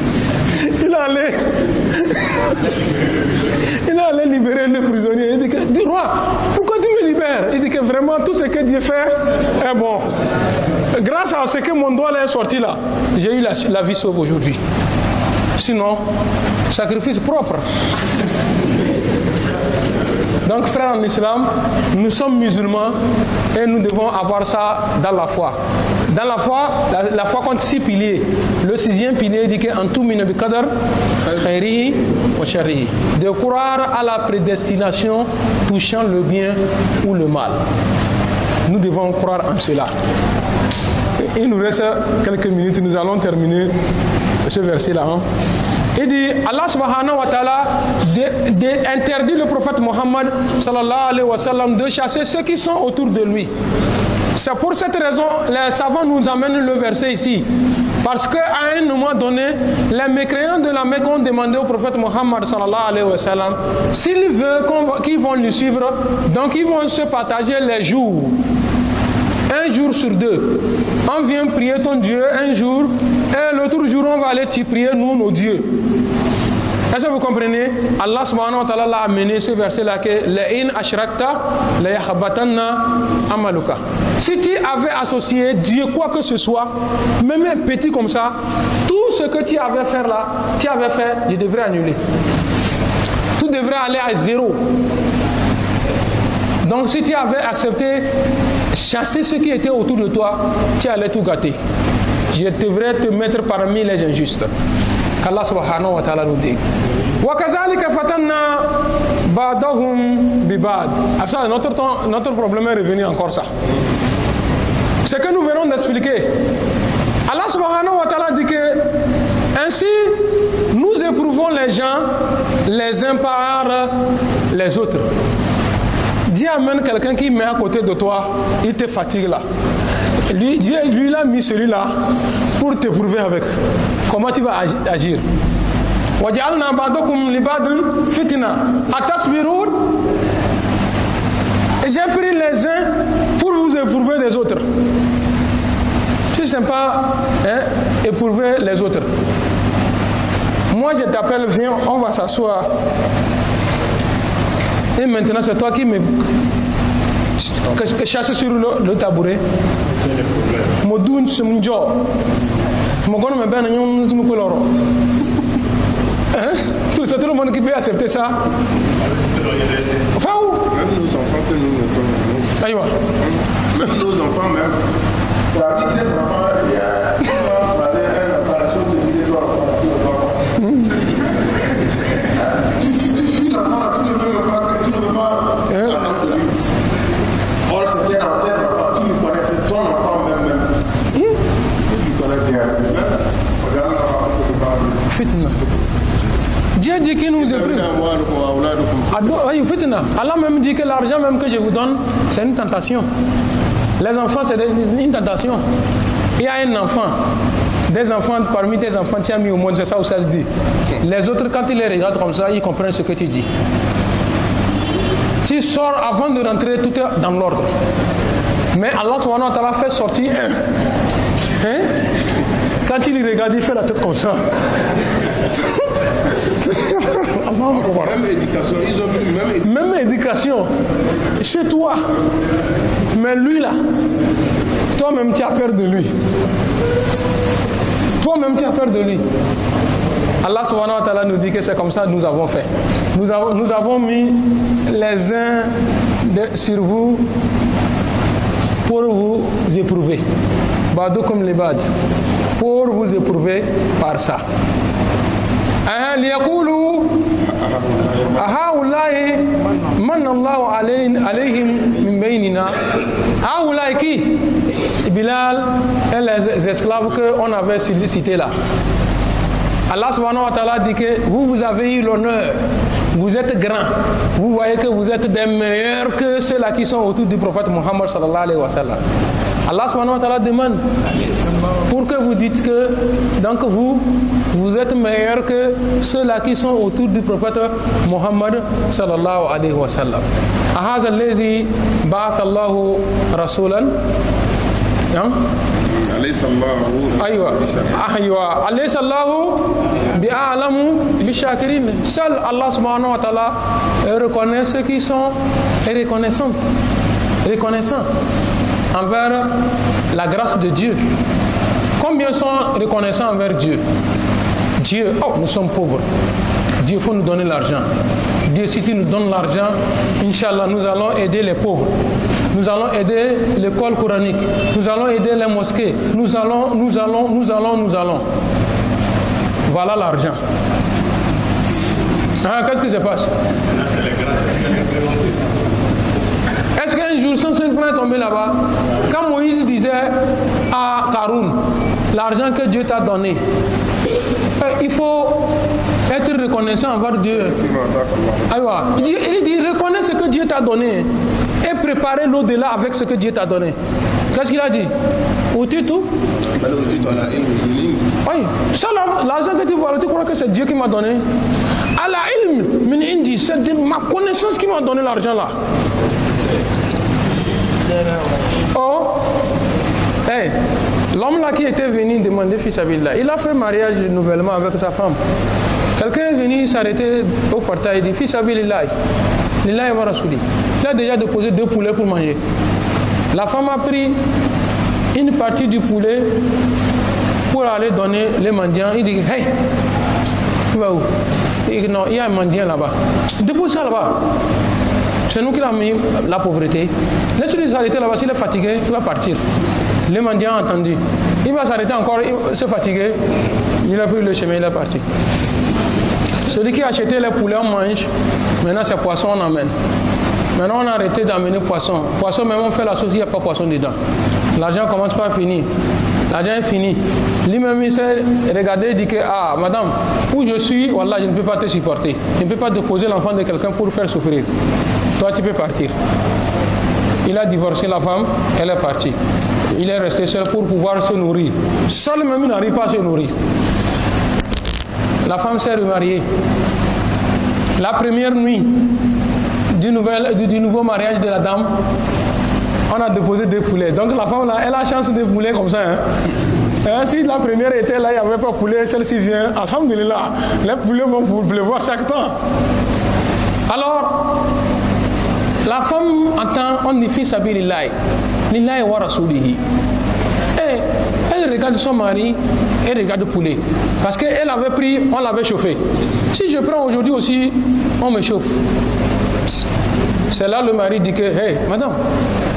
Il allait, il allait libérer le prisonnier. Il dit que, du roi, pourquoi tu me libères Il dit que vraiment tout ce que Dieu fait est bon. Grâce à ce que mon doigt est sorti là, j'ai eu la, la vie sauve aujourd'hui. Sinon, sacrifice propre. Donc, frères en islam, nous sommes musulmans et nous devons avoir ça dans la foi. Dans la foi, la, foi compte six piliers. Le sixième pilier dit qu'en tout De croire à la prédestination touchant le bien ou le mal. Nous devons croire en cela. Il nous reste quelques minutes, nous allons terminer ce verset-là. Hein. Il dit Allah subhanahu wa ta'ala interdit le prophète Mohammed de chasser ceux qui sont autour de lui. C'est pour cette raison les savants nous amènent le verset ici. Parce qu'à un moment donné, les mécréants de la Mecque ont demandé au prophète Mohammed s'il veut qu'ils vont lui suivre, donc ils vont se partager les jours. Un jour sur deux on vient prier ton Dieu un jour et l'autre jour on va aller te prier nous nos dieux. Est-ce que vous comprenez Allah subhanahu wa ta'ala a amené ce verset-là que in ashrakta la amaluka. Si tu avais associé Dieu quoi que ce soit, même un petit comme ça, tout ce que tu avais fait là, tu avais fait, tu devrais annuler. Tout devrait aller à zéro. Donc si tu avais accepté chasser ceux qui étaient autour de toi, tu allais tout gâter. Je devrais te mettre parmi les injustes. Qu'Allah subhanahu wa ta'ala nous dit. Après ah, notre, temps, notre problème est revenu encore ça. Ce que nous venons d'expliquer, Allah subhanahu wa ta'ala dit que ainsi nous éprouvons les gens les uns par les autres. Dieu amène quelqu'un qui met à côté de toi, il te fatigue là. Lui, Dieu lui l'a mis celui-là pour t'éprouver avec. Comment tu vas agir J'ai pris les uns pour vous éprouver des autres. Tu ne pas hein, éprouver les autres. Moi, je t'appelle, viens, on va s'asseoir maintenant, c'est toi qui me ce que chasse sur le, tabouret. Modun me hein? Tout, tout le monde qui peut accepter ça. Même nos nous sommes. Même nos enfants même. Dieu dit qu'il nous a Allah même dit que l'argent même que je vous donne, c'est une tentation. Les enfants, c'est une tentation. Il y a un enfant. Des enfants, parmi des enfants, tu as mis au monde, c'est ça où ça se dit. Les autres, quand ils les regardent comme ça, ils comprennent ce que tu dis. Tu sors avant de rentrer, tout est dans l'ordre. Mais Allah subhanahu wa ta'ala fait sortir hein? Quand il regarde, il fait la tête comme ça. même éducation, Chez toi. Mais lui là, toi-même tu as peur de lui. Toi-même tu as peur de lui. Allah subhanahu wa ta'ala nous dit que c'est comme ça nous avons fait. Nous avons, nous avons mis les uns sur vous pour vous éprouver. Bado comme les bad. Pour vous éprouver par ça. Ah les coulous, ah Allah et manam Allah ou allez allez immeinina. Ah Allah qui? Ibinal et les esclaves que on avait sollicité là. Allah subhanahu wa ta'ala dit que vous, vous avez eu l'honneur, vous êtes grand, vous voyez que vous êtes des meilleurs que ceux-là qui sont autour du prophète Muhammad sallallahu alayhi wa sallam. Allah subhanahu wa ta'ala demande pour que vous dites que donc vous, vous êtes meilleurs que ceux-là qui sont autour du prophète Muhammad sallallahu alayhi wa sallam. أهذا الذي Allahu الله non? aywa aywa alaysa seul Allah subhanahu wa ta'ala reconnaît ceux qui sont reconnaissants reconnaissants envers la grâce de Dieu combien sont reconnaissants envers Dieu Dieu oh nous sommes pauvres Dieu faut nous donner l'argent Dieu, si tu nous donnes l'argent, Inch'Allah, nous allons aider les pauvres. Nous allons aider l'école coranique. Nous allons aider les mosquées. Nous allons, nous allons, nous allons, nous allons. Voilà l'argent. Hein, qu'est-ce qui se passe Est-ce qu'un jour 105 francs est tombé là-bas Quand Moïse disait à Karoun, l'argent que Dieu t'a donné, euh, il faut être reconnaissant envers Dieu. il dit, il ce que Dieu t'a donné et préparer l'au-delà avec ce que Dieu t'a donné. Qu'est-ce qu'il a dit Oui, ça l'argent que tu vois, tu crois que c'est Dieu qui m'a donné. Allah ilm c'est ma connaissance qui m'a donné l'argent là. Oh, hey, l'homme là qui était venu demander fils à il a fait mariage nouvellement avec sa femme. Quelqu'un est venu s'arrêter au portail et dit Fils Abilillah, Lilaï wa Rasouli. Il a déjà déposé deux poulets pour manger. La femme a pris une partie du poulet pour aller donner les mendiants. Il dit Hey, tu vas où Il dit Non, il y a un mendiant là-bas. Dépose ça là-bas. C'est nous qui l'avons mis la pauvreté. Laisse-le s'arrêter là-bas. S'il est fatigué, il va partir. Les mendiants ont entendu. Il va s'arrêter encore, il s'est fatigué. Il a pris le chemin, il est parti. Celui qui achetait les poulets on mange. Maintenant, c'est poisson, on amène. Maintenant, on a arrêté d'amener poisson. Poisson, même on fait la sauce, il n'y a pas poisson dedans. L'argent commence pas à finir. L'argent est fini. Lui-même, il s'est regardé et dit que, ah, madame, où je suis, voilà, je ne peux pas te supporter. Je ne peux pas déposer l'enfant de quelqu'un pour faire souffrir. Toi, tu peux partir. Il a divorcé la femme, elle est partie. Il est resté seul pour pouvoir se nourrir. Seul même, il n'arrive pas à se nourrir. La femme s'est remariée. La première nuit du, nouvel, du, nouveau mariage de la dame, on a déposé des poulets. Donc la femme, elle a chance de poulet comme ça. Hein. Hein, si la première était là, il n'y avait pas poulet, celle-ci vient, alhamdulillah, les poulets vont vous pleuvoir chaque temps. Alors, la femme entend, on fait il lillahi, lillahi wa rasulihi. Et elle regarde son mari, et regarde le poulet. Parce qu'elle avait pris, on l'avait chauffé. Si je prends aujourd'hui aussi, on me chauffe. C'est là le mari dit que, hé, madame,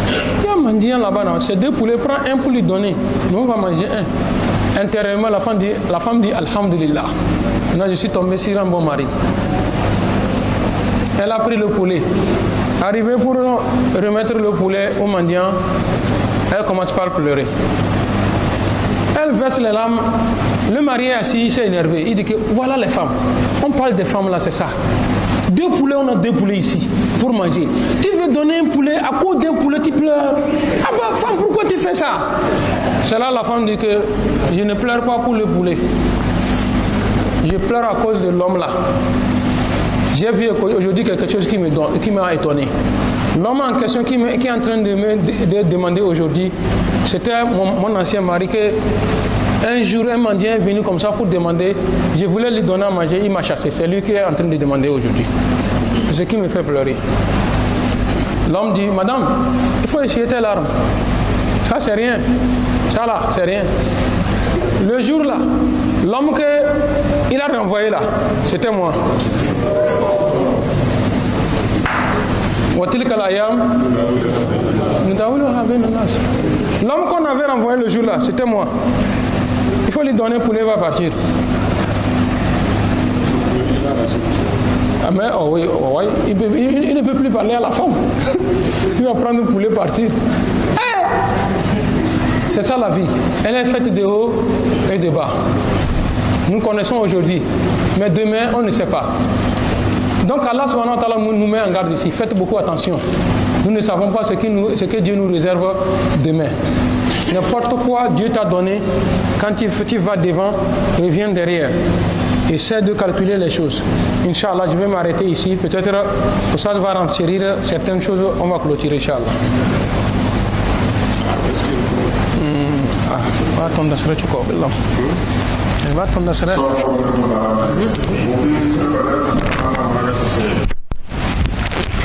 il y a un mendiant là-bas, c'est deux poulets, prends un pour lui donner. Nous, on va manger un. Intérieurement, la femme dit, la femme dit Alhamdulillah. Maintenant, je suis tombé sur un bon mari. Elle a pris le poulet. Arrivée pour remettre le poulet au mendiant, elle commence par pleurer elle verse les larmes, le mari est assis, il s'est énervé. Il dit que voilà les femmes. On parle des femmes là, c'est ça. Deux poulets, on a deux poulets ici pour manger. Tu veux donner un poulet, à cause d'un poulet qui pleure Ah bah femme, pourquoi tu fais ça C'est là la femme dit que je ne pleure pas pour le poulet. Je pleure à cause de l'homme là. J'ai vu aujourd'hui quelque chose qui m'a étonné. L'homme en question qui, est en train de me demander aujourd'hui, c'était mon, ancien mari que un jour un mendiant est venu comme ça pour demander, je voulais lui donner à manger, il m'a chassé. C'est lui qui est en train de demander aujourd'hui. Ce qui me fait pleurer. L'homme dit, Madame, il faut essayer tes larmes. Ça c'est rien. Ça là, c'est rien. Le jour là, l'homme qu'il a renvoyé là, c'était moi nous L'homme qu'on avait renvoyé le jour-là, c'était moi. Il faut lui donner pour il va partir. Ah, oh oui, oh Il, ne peut plus parler à la femme. il va prendre le poulet partir. C'est ça la vie. Elle est faite de haut et de bas. Nous connaissons aujourd'hui, mais demain on ne sait pas. Donc Allah nous met en garde ici. Faites beaucoup attention. Nous ne savons pas ce, que Dieu nous réserve demain. N'importe quoi Dieu t'a donné, quand tu, tu vas devant, reviens derrière. Essaie de calculer les choses. Inch'Allah, je vais m'arrêter ici. Peut-être que ça va renseigner certaines choses. On va clôturer, Inch'Allah. Hmm. Ah, attends, Hebat pun dah serat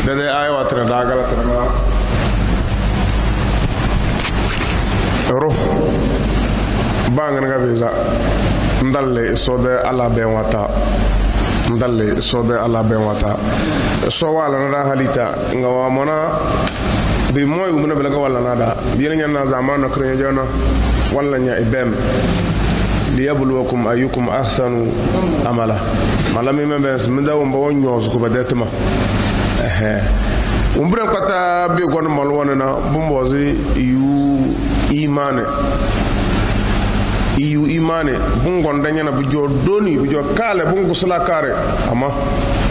Dede ayah watan dagal terima Roh Bangan ga visa Ndalle sode ala ben wata Ndalle sode ala ben wata Sowa ala nara halita Nga wa mona Bi moy umuna bilaga wala nada Bi yelinyan na zaman na kriya jona Wala nya ibem Wala nya ibem liyabluwakum ayyukum ahsanu amala mala mi membes mda wumba won nyos ko badetma eh umbre kata be gon mal wonena bumbozi yu imane iyu imane bungon danyana bujo doni bu bujo kale bungu sala kare ama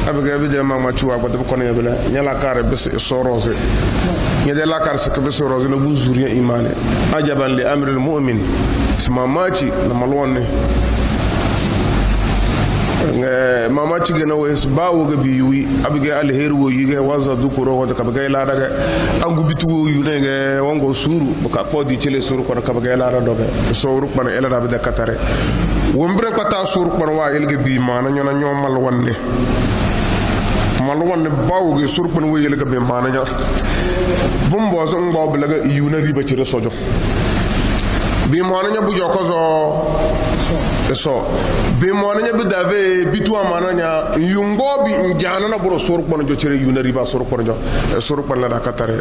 abega bije mama chuwa ko de konya bela nyala kare bis sorose de la kare se bis sorose no bu zuri imane ajaban li amri al mu'min sama machi na malwonne mama cigena wes ba woga biyuwi abige alheri woyige waza dukuro wonde kabage ladage angu bituwo yunege wongo suru ka podi cele suru kono kabage lada doge so wuru kono elada bide katare wombire kata suru kono wa elge bi mana nyona nyomal wonne mal wonne bawge suru kono wo elge be mana nya bumbo so ngob laga yuna riba cere sojo bi mɔnɔnyɛ bu jɔkɔzɔ ɛsɔ bi mɔnɔnyɛ bi dave bituwa mɔnɔnyɛ yungbɔ bi njanana buru suru kpɔnɔ jɔ cɛrɛ yuna riba suru kpɔnɔ jɔ suru kpɔnɔ la ka tare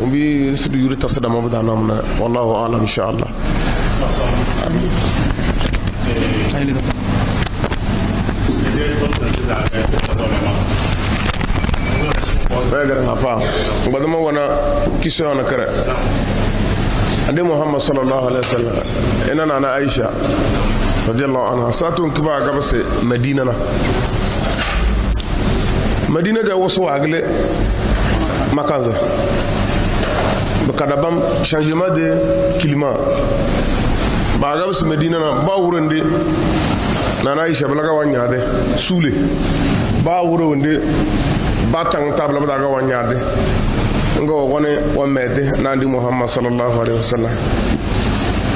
o bi sidi yuri tasa dama bi dana mun na walahu alam insha allah. Saya kira ngapa? Bukan mahu kisah nak kira. hadin muhammad sallallahu alaihi wasallam ina nana aisha radiyallahu anha satun kiba gaba se madina na madina da wasu wagle makanza kadabam changement de climat ba gaba se madina na ba wurin de nana aisha balaga wanya de sule ba wurin de ba tan tabla balaga wanya de nga wo gone wo mɛte nandi muhammad sallallahu alaihi wasallam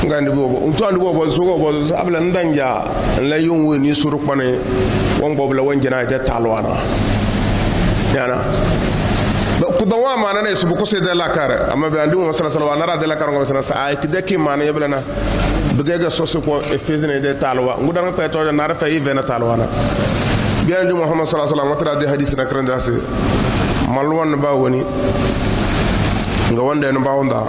nga ndi bobo unto andi sugo bo abla ndanja la yunwe ni suru kwane won bobo won jana ta talwana yana kudawa mana ne su buku sai da lakar amma bi andi muhammad sallallahu alaihi wasallam na da lakar ngam sanasa ay kidaki mana yabla na bige ga sosu ko efezine de talwa ngudan fa to na rafa yi vena talwana bi andi muhammad sallallahu alaihi wasallam wata da hadisi na karanda mallu wanne ba woni nga wonde no mbawda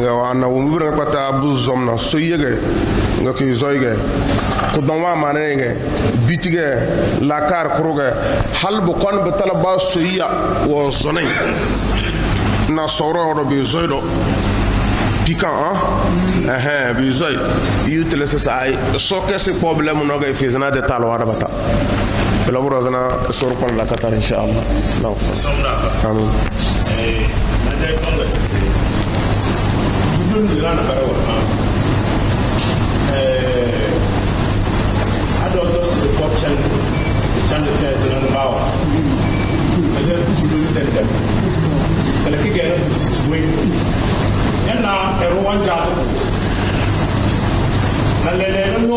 nga wana wo mbira kwata bu zomna so yege nga ki zoyge ku don wa manenge bitige lakar kuruge hal bu kon bu talaba so ya wo zonai na soro ro bi zoydo pikan an ɛhɛn bi zoy yu tele sasa ay so kesi problème no ga fizna de talwa bata labura fana soro kɔnɔ la ka taa insha allah donc amin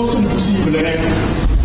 Thank you.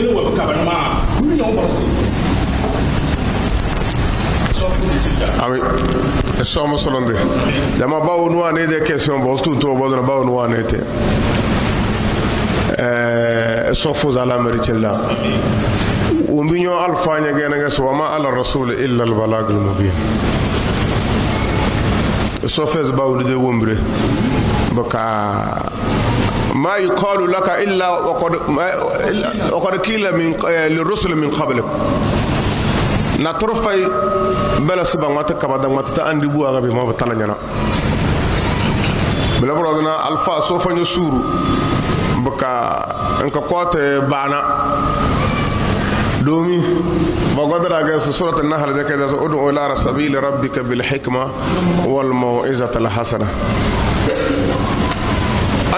yele wɔ kaban maa wuli yɛn kɔrɔsi. Ah oui, sommes solondés. La ma bao noa ne de question bos tout au bos na bao noa ne te. Eh sofu za la mericella. Umbinyo alfa nya gena ga so ma ala rasul illa al balagul mubin. Sofes bao de wombre. Baka ما يقال لك إلا وقد, وقد كيل من آه، للرسل من قبلك نترفي بلا سبحان الله تكما دم وتتأني بوا غبي ما بتلاجنا بلا برادنا ألفا سوف نسور بكا إنك قوات بانا دومي بقدر أجلس سورة النحل ذكر ذا أدعو إلى سبيل ربك بالحكمة والموعظة الحسنة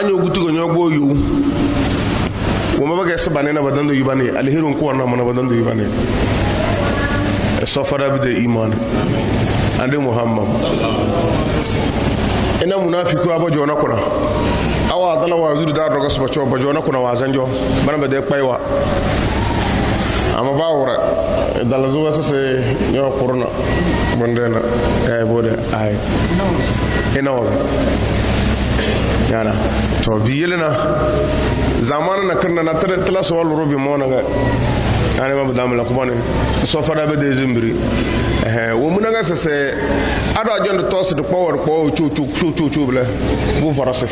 an yogutu ga nyogo yu woma baga yasa bane na badando yu bane alherin kuwa na mana badando yu bane safara bi de iman ande muhammad ina munafiku abo jona kuna awa dala wa zuru da roga suba cho bajona kuna wa zanjo bana ba de paiwa ama ba wura dala wasa se yo kuruna bondena ay bode ay ina wala yana to bi yelena zamana na kirna na tala tala so walu robi mona ga ani ma badam la kubane so fada be de zimbri eh wo muna ga sese ada jon to so de power ko chu chu chu chu chu bla bu farase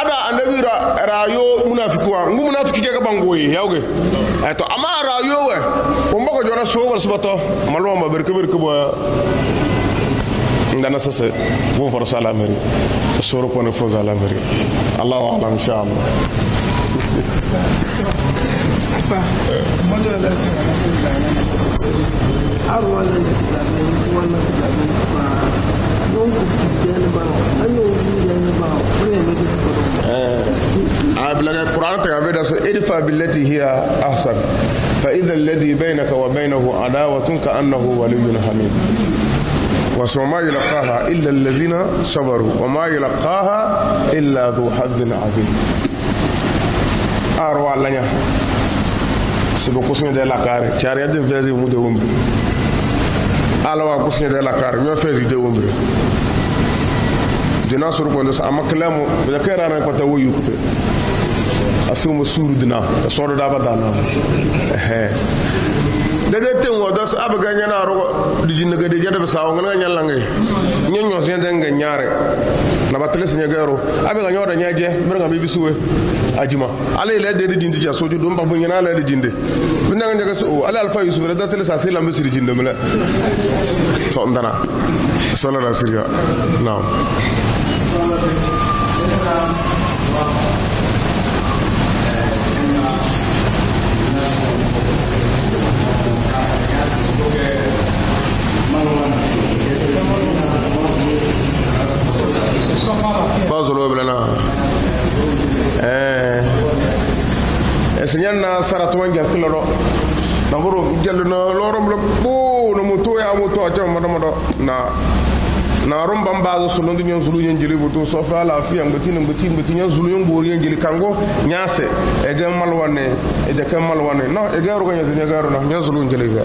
ada andawira rayo munafiku wa ngu munafiki ke ga bangoyi yawge eh to ama rayo we ko mbako jona so wal subato maloma berke berke bo عندنا ساسا فرصة على الصورة الشروق فوز على مري الله أعلم إن شاء الله أروى لنا كتابين تولى كتابين نوقف جانبا أنه جانبا ونعمل بلغ ادفع بالتي هي أحسن فإذا الذي بينك وبينه عداوة كأنه ولي حميد وما يلقاها إلا الذين صبروا وما يلقاها إلا ذو حظ عظيم أروى لنا سبو كسني دي لاكار تشاري دي فيزي مودي ومبري ألوى كسني دي لاكار ميو فيزي دي ومبري دينا suru كون دس اما kalamu da kai ranar ko ta wuyu kupe asu mu suru dina dege ten wo das ab ga nyana ro di jinne ga de jade ba saw ngana nyal langay nyo nyo sen den ga nyaare na ba tele sinya garo ab ga nyoda nyaje mer ga mi bisuwe ajima ah, ale le de di jinde ja soju dum ba fu nyana le di jinde bin nga ndega so oh, ale alfa yusuf re da tele sa sila mbisi di jinde mele to ndana sala da naam bazolo bilana eh. eh, señan na sara tuma jankila do naburu jallino lorom lo bo no muto ya muto jam madama do na na rom bam bazo sulu ndi nyon sulu nyen jeli butu so fa la fi ngati ni ngati sulu nyen gori nyen jeli kango nyase e ga malwane e da malwane no e ga ro ga nyen ga ro na nyen sulu nyen jeli ga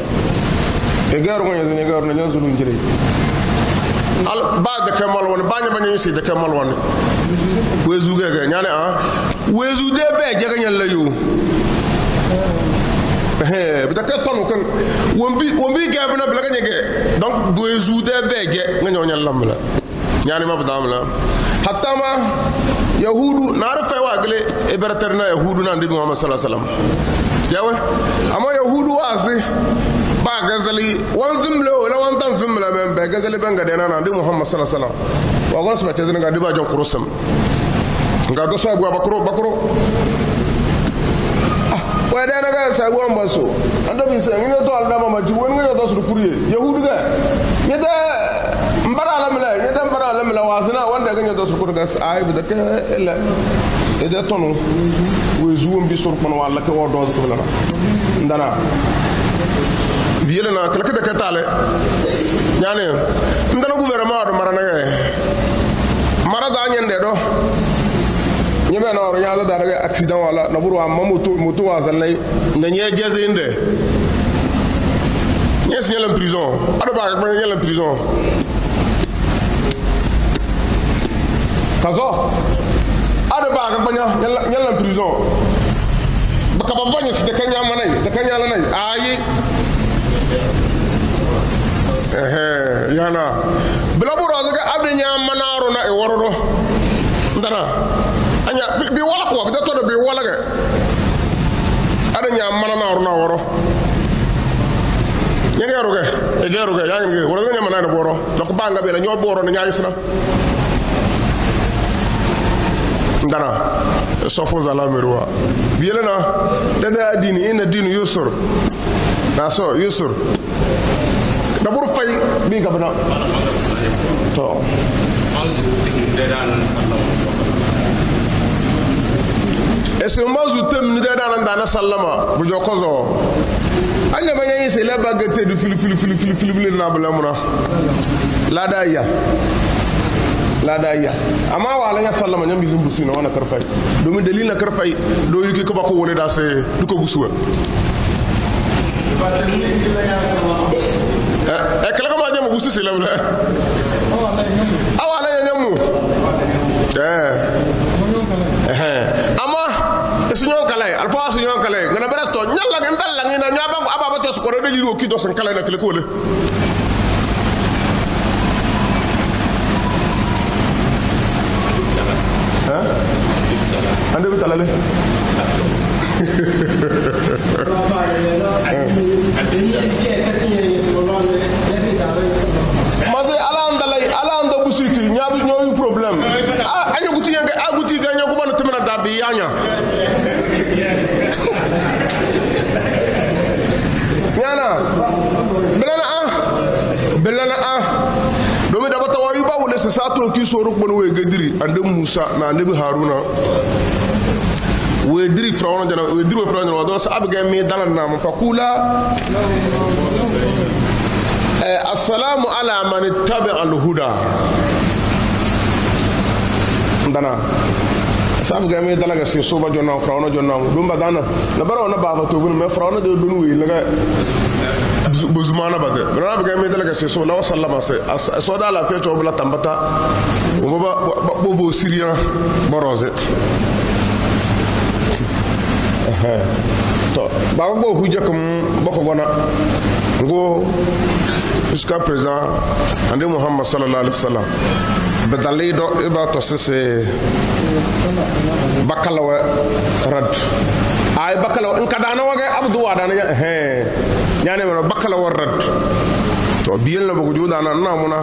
e ga sulu nyen jeli al ba da kai mal wani ba nya banya sai da kai mal wani wezu ga ga nyane a ah. wezu de be jaga nyalla yo bita kɛ tɔnu kan wombi wombi gɛ bila ka ɲɛ kɛ donc doye bɛɛ jɛ ŋa lam bila ɲaani ma bata hatta ma yahudu na e yahudu na ndibi muhammad sallallahu alaihi wasallam yahudu ba gazali wan zimle wala wan tan zimle men be gazali ben gade nana di muhammad sallallahu alaihi wasallam wa gons ba tezin ga diba jon kurusam nga do sa gwa bakro bakro ah wa da na ga sa gwa mbaso ando bi se ngi to alda mama ji won ngi do su kuriye yahudu ga ni da mbara alamla ni da mbara alamla wasna wanda ga ni do su kurga ai bi da ke ila ida e tonu we zuwon bi sur kono wala ke o do su kurla ndana bibiyele na kala kete kete ale yani ndana guverema adu marana ge mara da nyen de do nyebe na oru nyaza dara ge accident wala na buru amma moto moto wa ni, ngenye jeze inde yes nyele en prison adu ba ba nyele en prison kazo adu ba ba nyele en prison ba ka ba ba nyese de kanya manai de lanai ayi yãna bilabʋra zɩka ab ne yãa manaarʋna y wɔrʋdɔ ntana anya bɩ walg wa bɩ ta tɔdɔ bɩ walgɛ ad n yãa mana naarʋna wɔrɔ yẽngɛ rʋgɛ ɛgɛ rʋgɛ yãngẽ wɔrɔ zɩka yã e mana ne bɔrɔ dɔk baanga bela yõ bɔrɔ ne yã yẽsna ntana e zala meru biyele na dɛdɛ a ina dini yusur na so yusur da burfai bi gaba na to esi mbazu tem ni dada nan dana sallama bujo kozo anya banya yi se leba gete du fili fili fili fili fili fili na bula muna lada iya lada iya amma wa alanya sallama nyambi zumbusi na wana karfai domin dalilin na karfai do yuki kaba ko wole da se duka gusuwa kala kama jamu gusu sila wala awala yanyamu eh ama suñu kala alfa suñu kala ngana bresto ñalla ngandal ngina ñaba ababa to su ko re diru ki do san kala na kala ko le ha ande bitala le eh? mase ala an dalay ala an da busiki ñaaɓi ñooyu problème a a ñogutiñage a guti ga ñaguɓano temena dabi yaña ñana belana a ah, belana a ah. domi daba tawa yuɓa wule sa sa toki soruk ɓono we gediri ande moussa na andebi haruna wediri firawuna jana wediri firawuna jana wadɔ sa abigɛ mi dala naamu fakula ɛ asalaamu ala mani tabi alihuda dana safga mi dala si suba jonno firawuna jonno dum badana na baro na baba to gun me firawuna de dun wi laga buzmana bade rab ga mi dalaga si so lawa sallama se so da la fe to bla tambata o baba bo bo siriya borose to baba bo hujja kam boko gona go jusqu'à présent andi muhammad sallallahu alaihi wasallam be dalay do iba to sese bakalawa rad ay bakalawa in kadana wage abdu wadana ya he nyane wala bakalawa rad to biyen la bogo judana na muna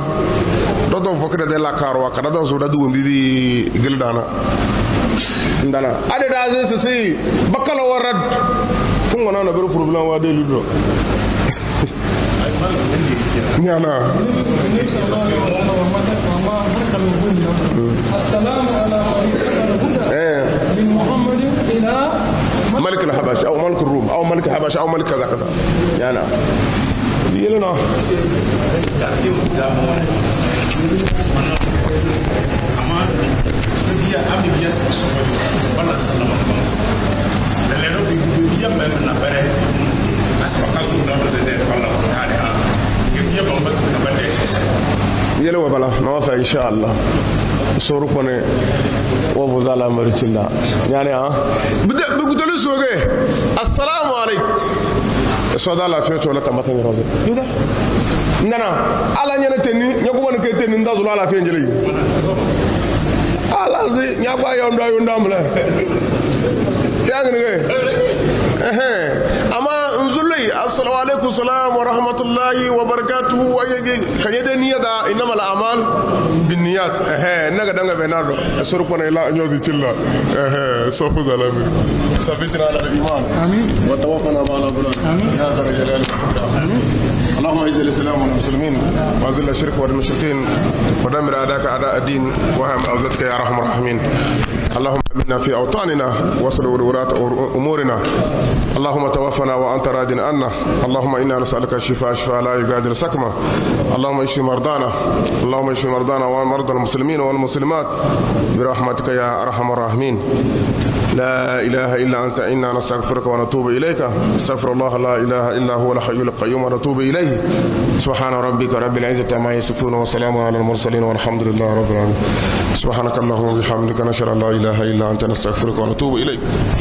do do fokre de la karwa kada do so da duwon bibi ndana ade da zai su sai bakala warad kun wana na bar problem wa dai lido nyana السلام على من محمد الى ملك الحبش او ملك الروم او ملك الحبش او ملك كذا كذا يعني يلنا Thank you. bia ami bia sɛ sɔgɔ jo bala salama ma lɛlɛ dɔ bi dugu bia mɛ mɛ na bɛrɛ asaba ka so dɔ de dɛ bala ka de ha ke bia ban ba tɛna ba dɛ sɔsɛ yɛlɛ wa bala n'aw fɛ inshallah soro kɔni wa fuza la mariti la ɲaani han bugutoli soge assalamu alaikum sɔda lafiya tɔ la tamata yɔrɔ dɛ nana ala ɲɛnɛ tɛ ni ɲɛkubɔ ni kɛ tɛ ni n da sɔrɔ ala fɛn jeli halazi nyagwa yondo yondo mla yangne ehe ama nzulai assalamu alaikum salam wa rahmatullahi wa barakatuhu ayege kanye de niya da inama al amal bin niyat ehe naga danga benardo asuru kona ila nyozi chilla ehe sofu zalami ثبتنا على الايمان امين وتوفنا مع الابرار امين يا ذا الجلال والاكرام امين اللهم اعز الاسلام والمسلمين واذل الشرك والمشركين ودمر اعداءك اعداء الدين وهم عزتك يا ارحم الراحمين اللهم امنا في اوطاننا واصل ولاة امورنا اللهم توفنا وانت راض عنا اللهم انا نسالك الشفاء شفاء لا يغادر سقما اللهم اشف مرضانا اللهم اشف مرضانا ومرضى المسلمين والمسلمات برحمتك يا ارحم الراحمين لا إله إلا أنت إنا نستغفرك ونتوب إليك استغفر الله لا إله إلا هو الحي القيوم ونتوب إليه سبحان ربك رب العزة عما يصفون وسلام على المرسلين والحمد لله رب العالمين سبحانك اللهم وبحمدك نشهد أن لا إله إلا أنت نستغفرك ونتوب إليك